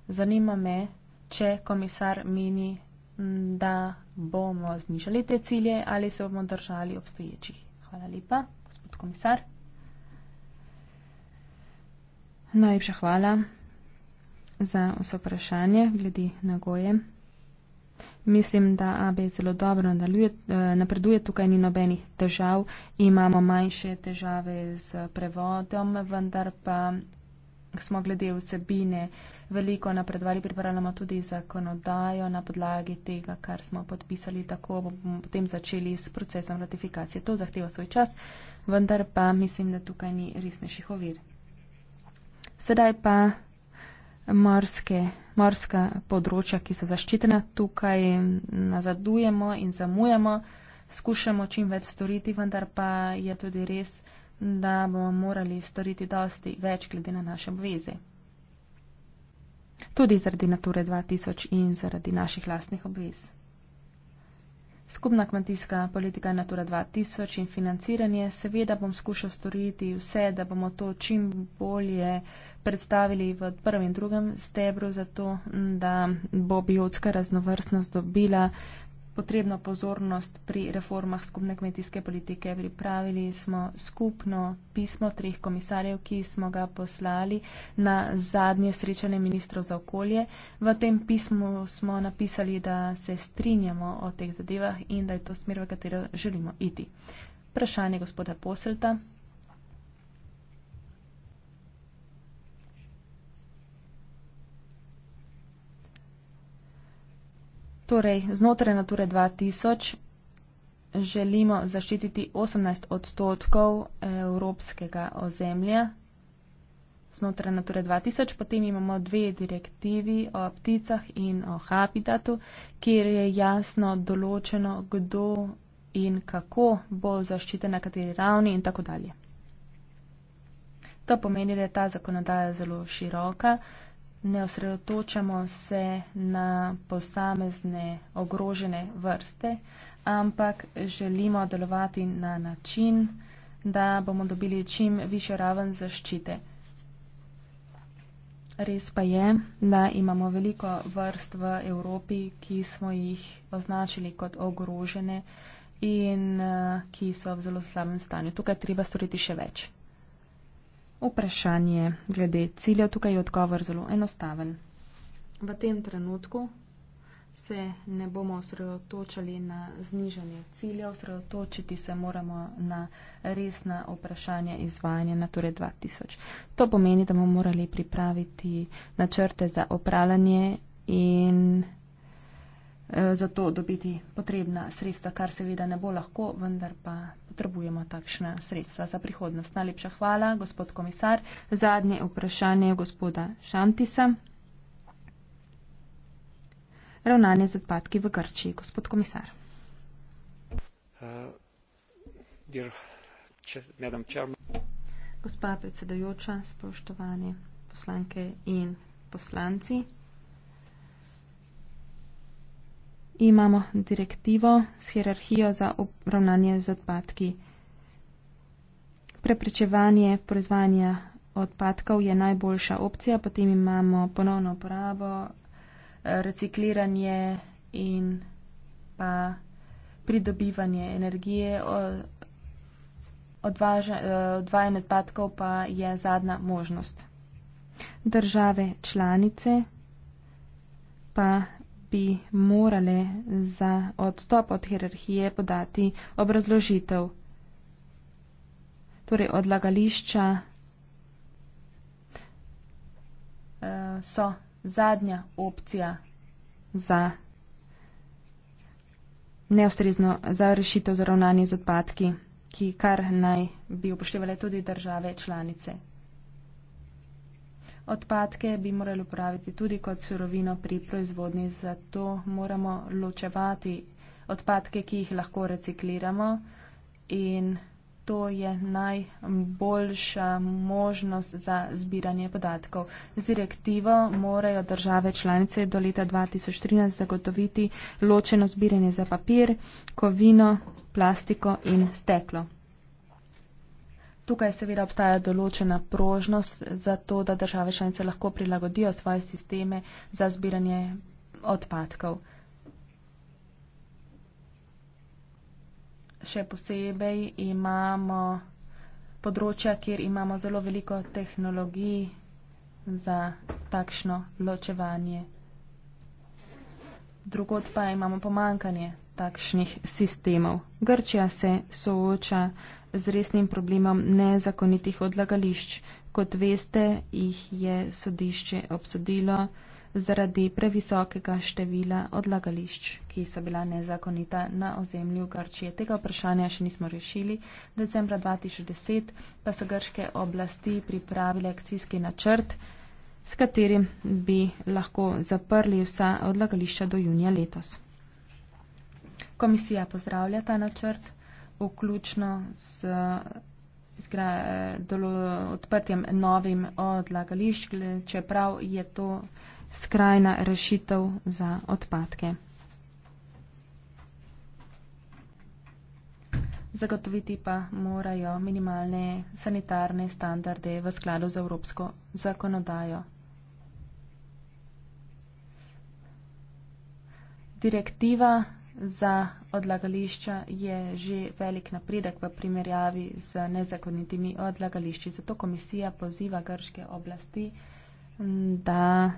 Speaker 2: Zanima me, če komisar meni, da bomo znižali te cilje ali se bomo držali obstoječih. Hvala lepa, gospod komisar. Najlepša hvala za vso vprašanje glede na goje. Mislim, da AB zelo dobro nadaljuje, eh, napreduje, tukaj ni nobenih težav, imamo manjše težave z prevodom, vendar pa smo glede vsebine uh, veliko napredovali, pripravljamo tudi zakonodajo na podlagi tega, kar smo podpisali, tako bomo potem začeli s procesom ratifikacije. To zahteva svoj čas, vendar pa mislim, da tukaj ni resnejših ovir. Sedaj pa morske, morska področja, ki so zaščitena, tukaj nazadujemo in zamujamo, skušamo čim več storiti, vendar pa je tudi res, da bomo morali storiti dosti več glede na naše obveze. Tudi zaradi Nature 2000 in zaradi naših lastnih obvez. Skupna kmetijska politika Natura 2000 in financiranje, seveda bom skušal storiti vse, da bomo to čim bolje predstavili v prvem in drugem stebru, zato da bo biotska raznovrstnost dobila potrebno pozornost pri reformah skupne kmetijske politike. Pripravili smo skupno pismo treh komisarjev, ki smo ga poslali na zadnje srečanje ministrov za okolje. V tem pismu smo napisali, da se strinjamo o teh zadevah in da je to smer, v katero želimo iti. Vprašanje gospoda Poselta. Torej, znotraj Nature 2000 želimo zaščititi 18 odstotkov evropskega ozemlja. Znotraj Nature 2000 potem imamo dve direktivi o pticah in o habitatu, kjer je jasno določeno, kdo in kako bo zaščite na kateri ravni in tako dalje. To pomeni, da je ta zakonodaja zelo široka ne osredotočamo se na posamezne ogrožene vrste, ampak želimo delovati na način, da bomo dobili čim više raven zaščite. Res pa je, da imamo veliko vrst v Evropi, ki smo jih označili kot ogrožene in eh, ki so v zelo slabem stanju. Tukaj treba storiti še več vprašanje glede ciljev. Tukaj je odgovor zelo enostaven. V tem trenutku se ne bomo osredotočali na znižanje ciljev, osredotočiti se moramo na resna vprašanja izvajanja Nature 2000. To pomeni, da bomo morali pripraviti načrte za opravljanje in Eh, za to dobiti potrebna sredstva, kar seveda ne bo lahko, vendar pa potrebujemo takšna sredstva za prihodnost. Najlepša hvala, gospod komisar. Zadnje vprašanje gospoda Šantisa. Ravnanje z odpadki v Grčiji, gospod komisar.
Speaker 1: Eh,
Speaker 2: Gospa predsedujoča, spoštovani poslanke in poslanci. imamo direktivo s hierarhijo za upravljanje z odpadki. Preprečevanje proizvanja odpadkov je najboljša opcija, potem imamo ponovno uporabo, recikliranje in pa pridobivanje energije. E, odvajanje odpadkov pa je zadnja možnost. Države članice pa bi morale za odstop od hierarhije podati obrazložitev. Torej, odlagališča eh, so zadnja opcija za neustrezno za rešitev za ravnanje z odpadki, ki kar naj bi upoštevale tudi države članice. Odpadke bi morali uporabiti tudi kot surovino pri proizvodnji, zato moramo ločevati odpadke, ki jih lahko recikliramo in to je najboljša možnost za zbiranje podatkov. Z direktivo morajo države članice do leta 2013 zagotoviti ločeno zbiranje za papir, kovino, plastiko in steklo. Tukaj seveda obstaja določena prožnost za to, da države članice lahko prilagodijo svoje sisteme za zbiranje odpadkov. Še posebej imamo področja, kjer imamo zelo veliko tehnologij za takšno ločevanje. Drugod pa imamo pomankanje takšnih sistemov. Grčija se sooča z resnim problemom nezakonitih odlagališč. Kot veste, jih je sodišče obsodilo zaradi previsokega števila odlagališč, ki so bila nezakonita na ozemlju Grčije. Tega vprašanja še nismo rešili. Decembra 2010 pa so grške oblasti pripravile akcijski načrt, s katerim bi lahko zaprli vsa odlagališča do junija letos. Komisija pozdravlja ta načrt vključno s delo, odprtjem novim odlagališč, čeprav je to skrajna rešitev za odpadke. Zagotoviti pa morajo minimalne sanitarne standarde v skladu z evropsko zakonodajo. Direktiva za odlagališča je že velik napredek v primerjavi z nezakonitimi odlagališči. Zato komisija poziva grške oblasti, da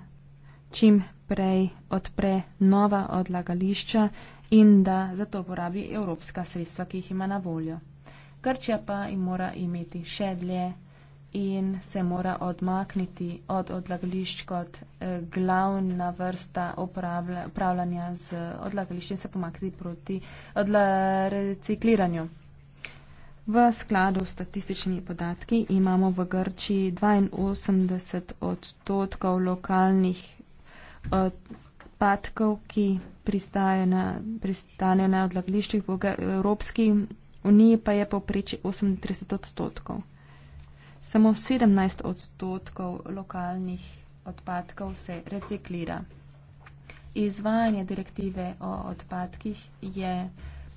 Speaker 2: čim prej odpre nova odlagališča in da za to porabi evropska sredstva, ki jih ima na voljo. Grčija pa jim mora imeti še dlje in se mora odmakniti od odlagališč kot eh, glavna vrsta upravljanja z odlagališči in se pomakniti proti recikliranju. V skladu s statističnimi podatki imamo v Grčiji 82 odstotkov lokalnih odpadkov, ki pristajajo na, pristanejo na odlagališčih, v Evropski uniji pa je povprečje 38 odstotkov. Samo 17 odstotkov lokalnih odpadkov se reciklira. Izvajanje direktive o odpadkih je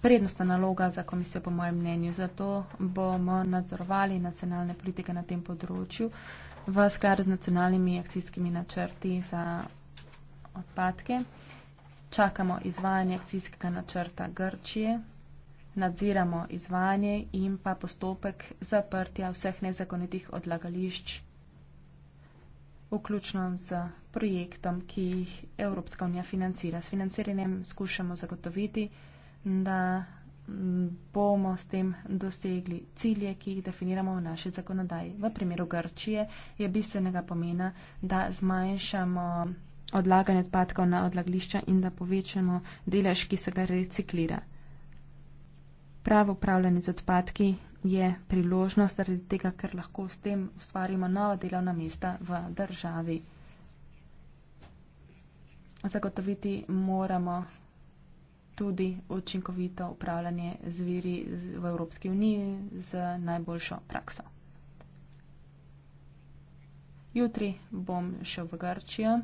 Speaker 2: prednostna naloga za komisijo, po mojem mnenju. Zato bomo nadzorovali nacionalne politike na tem področju v skladu z nacionalnimi akcijskimi načrti za odpadke. Čakamo izvajanje akcijskega načrta Grčije, nadziramo izvajanje in pa postopek zaprtja vseh nezakonitih odlagališč, vključno z projektom, ki jih Evropska unija financira. S financiranjem skušamo zagotoviti, da bomo s tem dosegli cilje, ki jih definiramo v naši zakonodaji. V primeru Grčije je bistvenega pomena, da zmanjšamo odlaganje odpadkov na odlagališča in da povečamo delež, ki se ga reciklira. Pravo upravljanje z odpadki je priložnost zaradi tega, ker lahko s tem ustvarimo nova delovna mesta v državi. Zagotoviti moramo tudi učinkovito upravljanje z viri v Evropski uniji z najboljšo prakso. Jutri bom šel v Grčijo,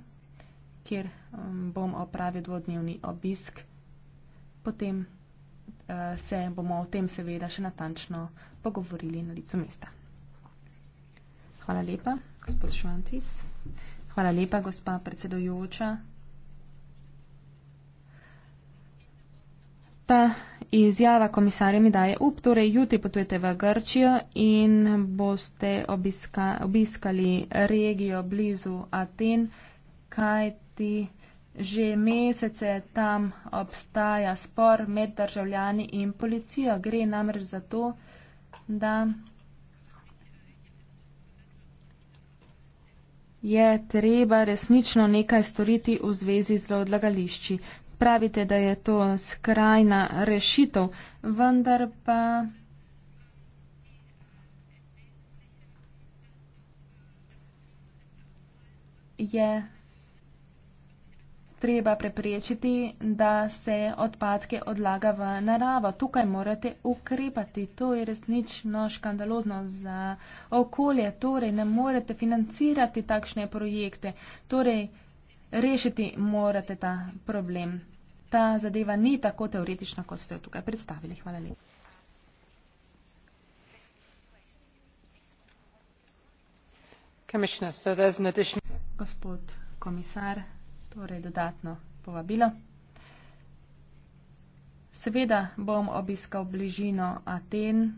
Speaker 2: kjer um, bom opravil dvodnevni obisk. Potem Eh, se bomo o tem seveda še natančno pogovorili na licu mesta. Hvala lepa, gospod Švancis. Hvala lepa, gospa predsedojoča. Ta izjava komisarja mi daje up, torej jutri potujete v Grčijo in boste obiska, obiskali regijo blizu Aten, kaj ti. Že mesece tam obstaja spor med državljani in policijo. Gre namreč za to, da je treba resnično nekaj storiti v zvezi z odlagališči. Pravite, da je to skrajna rešitev, vendar pa. Je treba preprečiti, da se odpadke odlaga v naravo. Tukaj morate ukrepati. To je resnično škandalozno za okolje. Torej, ne morete financirati takšne projekte. Torej, rešiti morate ta problem. Ta zadeva ni tako teoretična, kot ste jo tukaj predstavili. Hvala lepa. Gospod komisar torej dodatno povabilo. Seveda bom obiskal bližino Aten,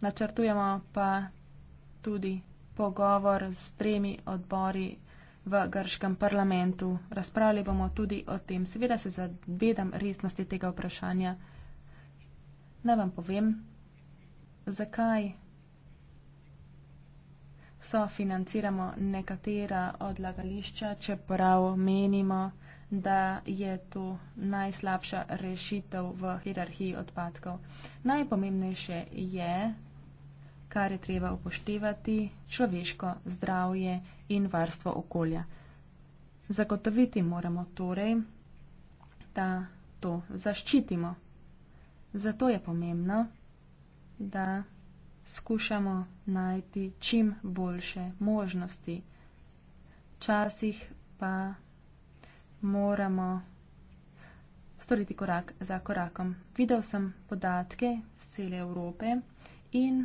Speaker 2: načrtujemo pa tudi pogovor s tremi odbori v grškem parlamentu. Razpravljali bomo tudi o tem. Seveda se zavedam resnosti tega vprašanja. Naj vam povem, zakaj sofinanciramo nekatera odlagališča, čeprav menimo, da je to najslabša rešitev v hierarhiji odpadkov. Najpomembnejše je, kar je treba upoštevati, človeško zdravje in varstvo okolja. Zagotoviti moramo torej, da to zaščitimo. Zato je pomembno, da skušamo najti čim boljše možnosti. Včasih pa moramo storiti korak za korakom. Videl sem podatke z cele Evrope in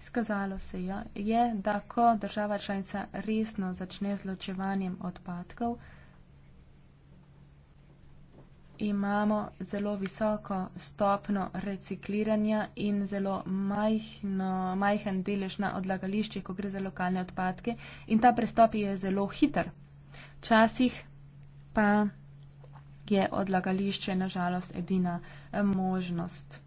Speaker 2: skazalo se je, da ko država članica resno začne z ločevanjem odpadkov, imamo zelo visoko stopno recikliranja in zelo majhno, majhen delež na odlagališče, ko gre za lokalne odpadke. In ta prestop je zelo hiter. Včasih pa je odlagališče nažalost edina eh, možnost.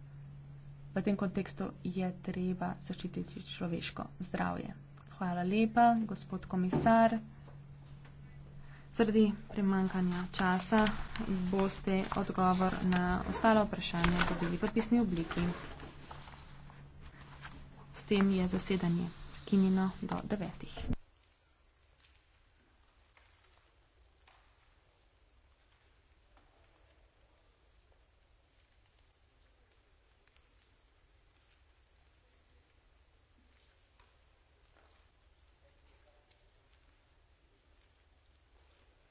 Speaker 2: V tem kontekstu je treba zaščititi človeško zdravje. Hvala lepa, gospod komisar. Zaradi premankanja časa boste odgovor na ostalo vprašanje dobili v pisni obliki. S tem je zasedanje prekinjeno do devetih.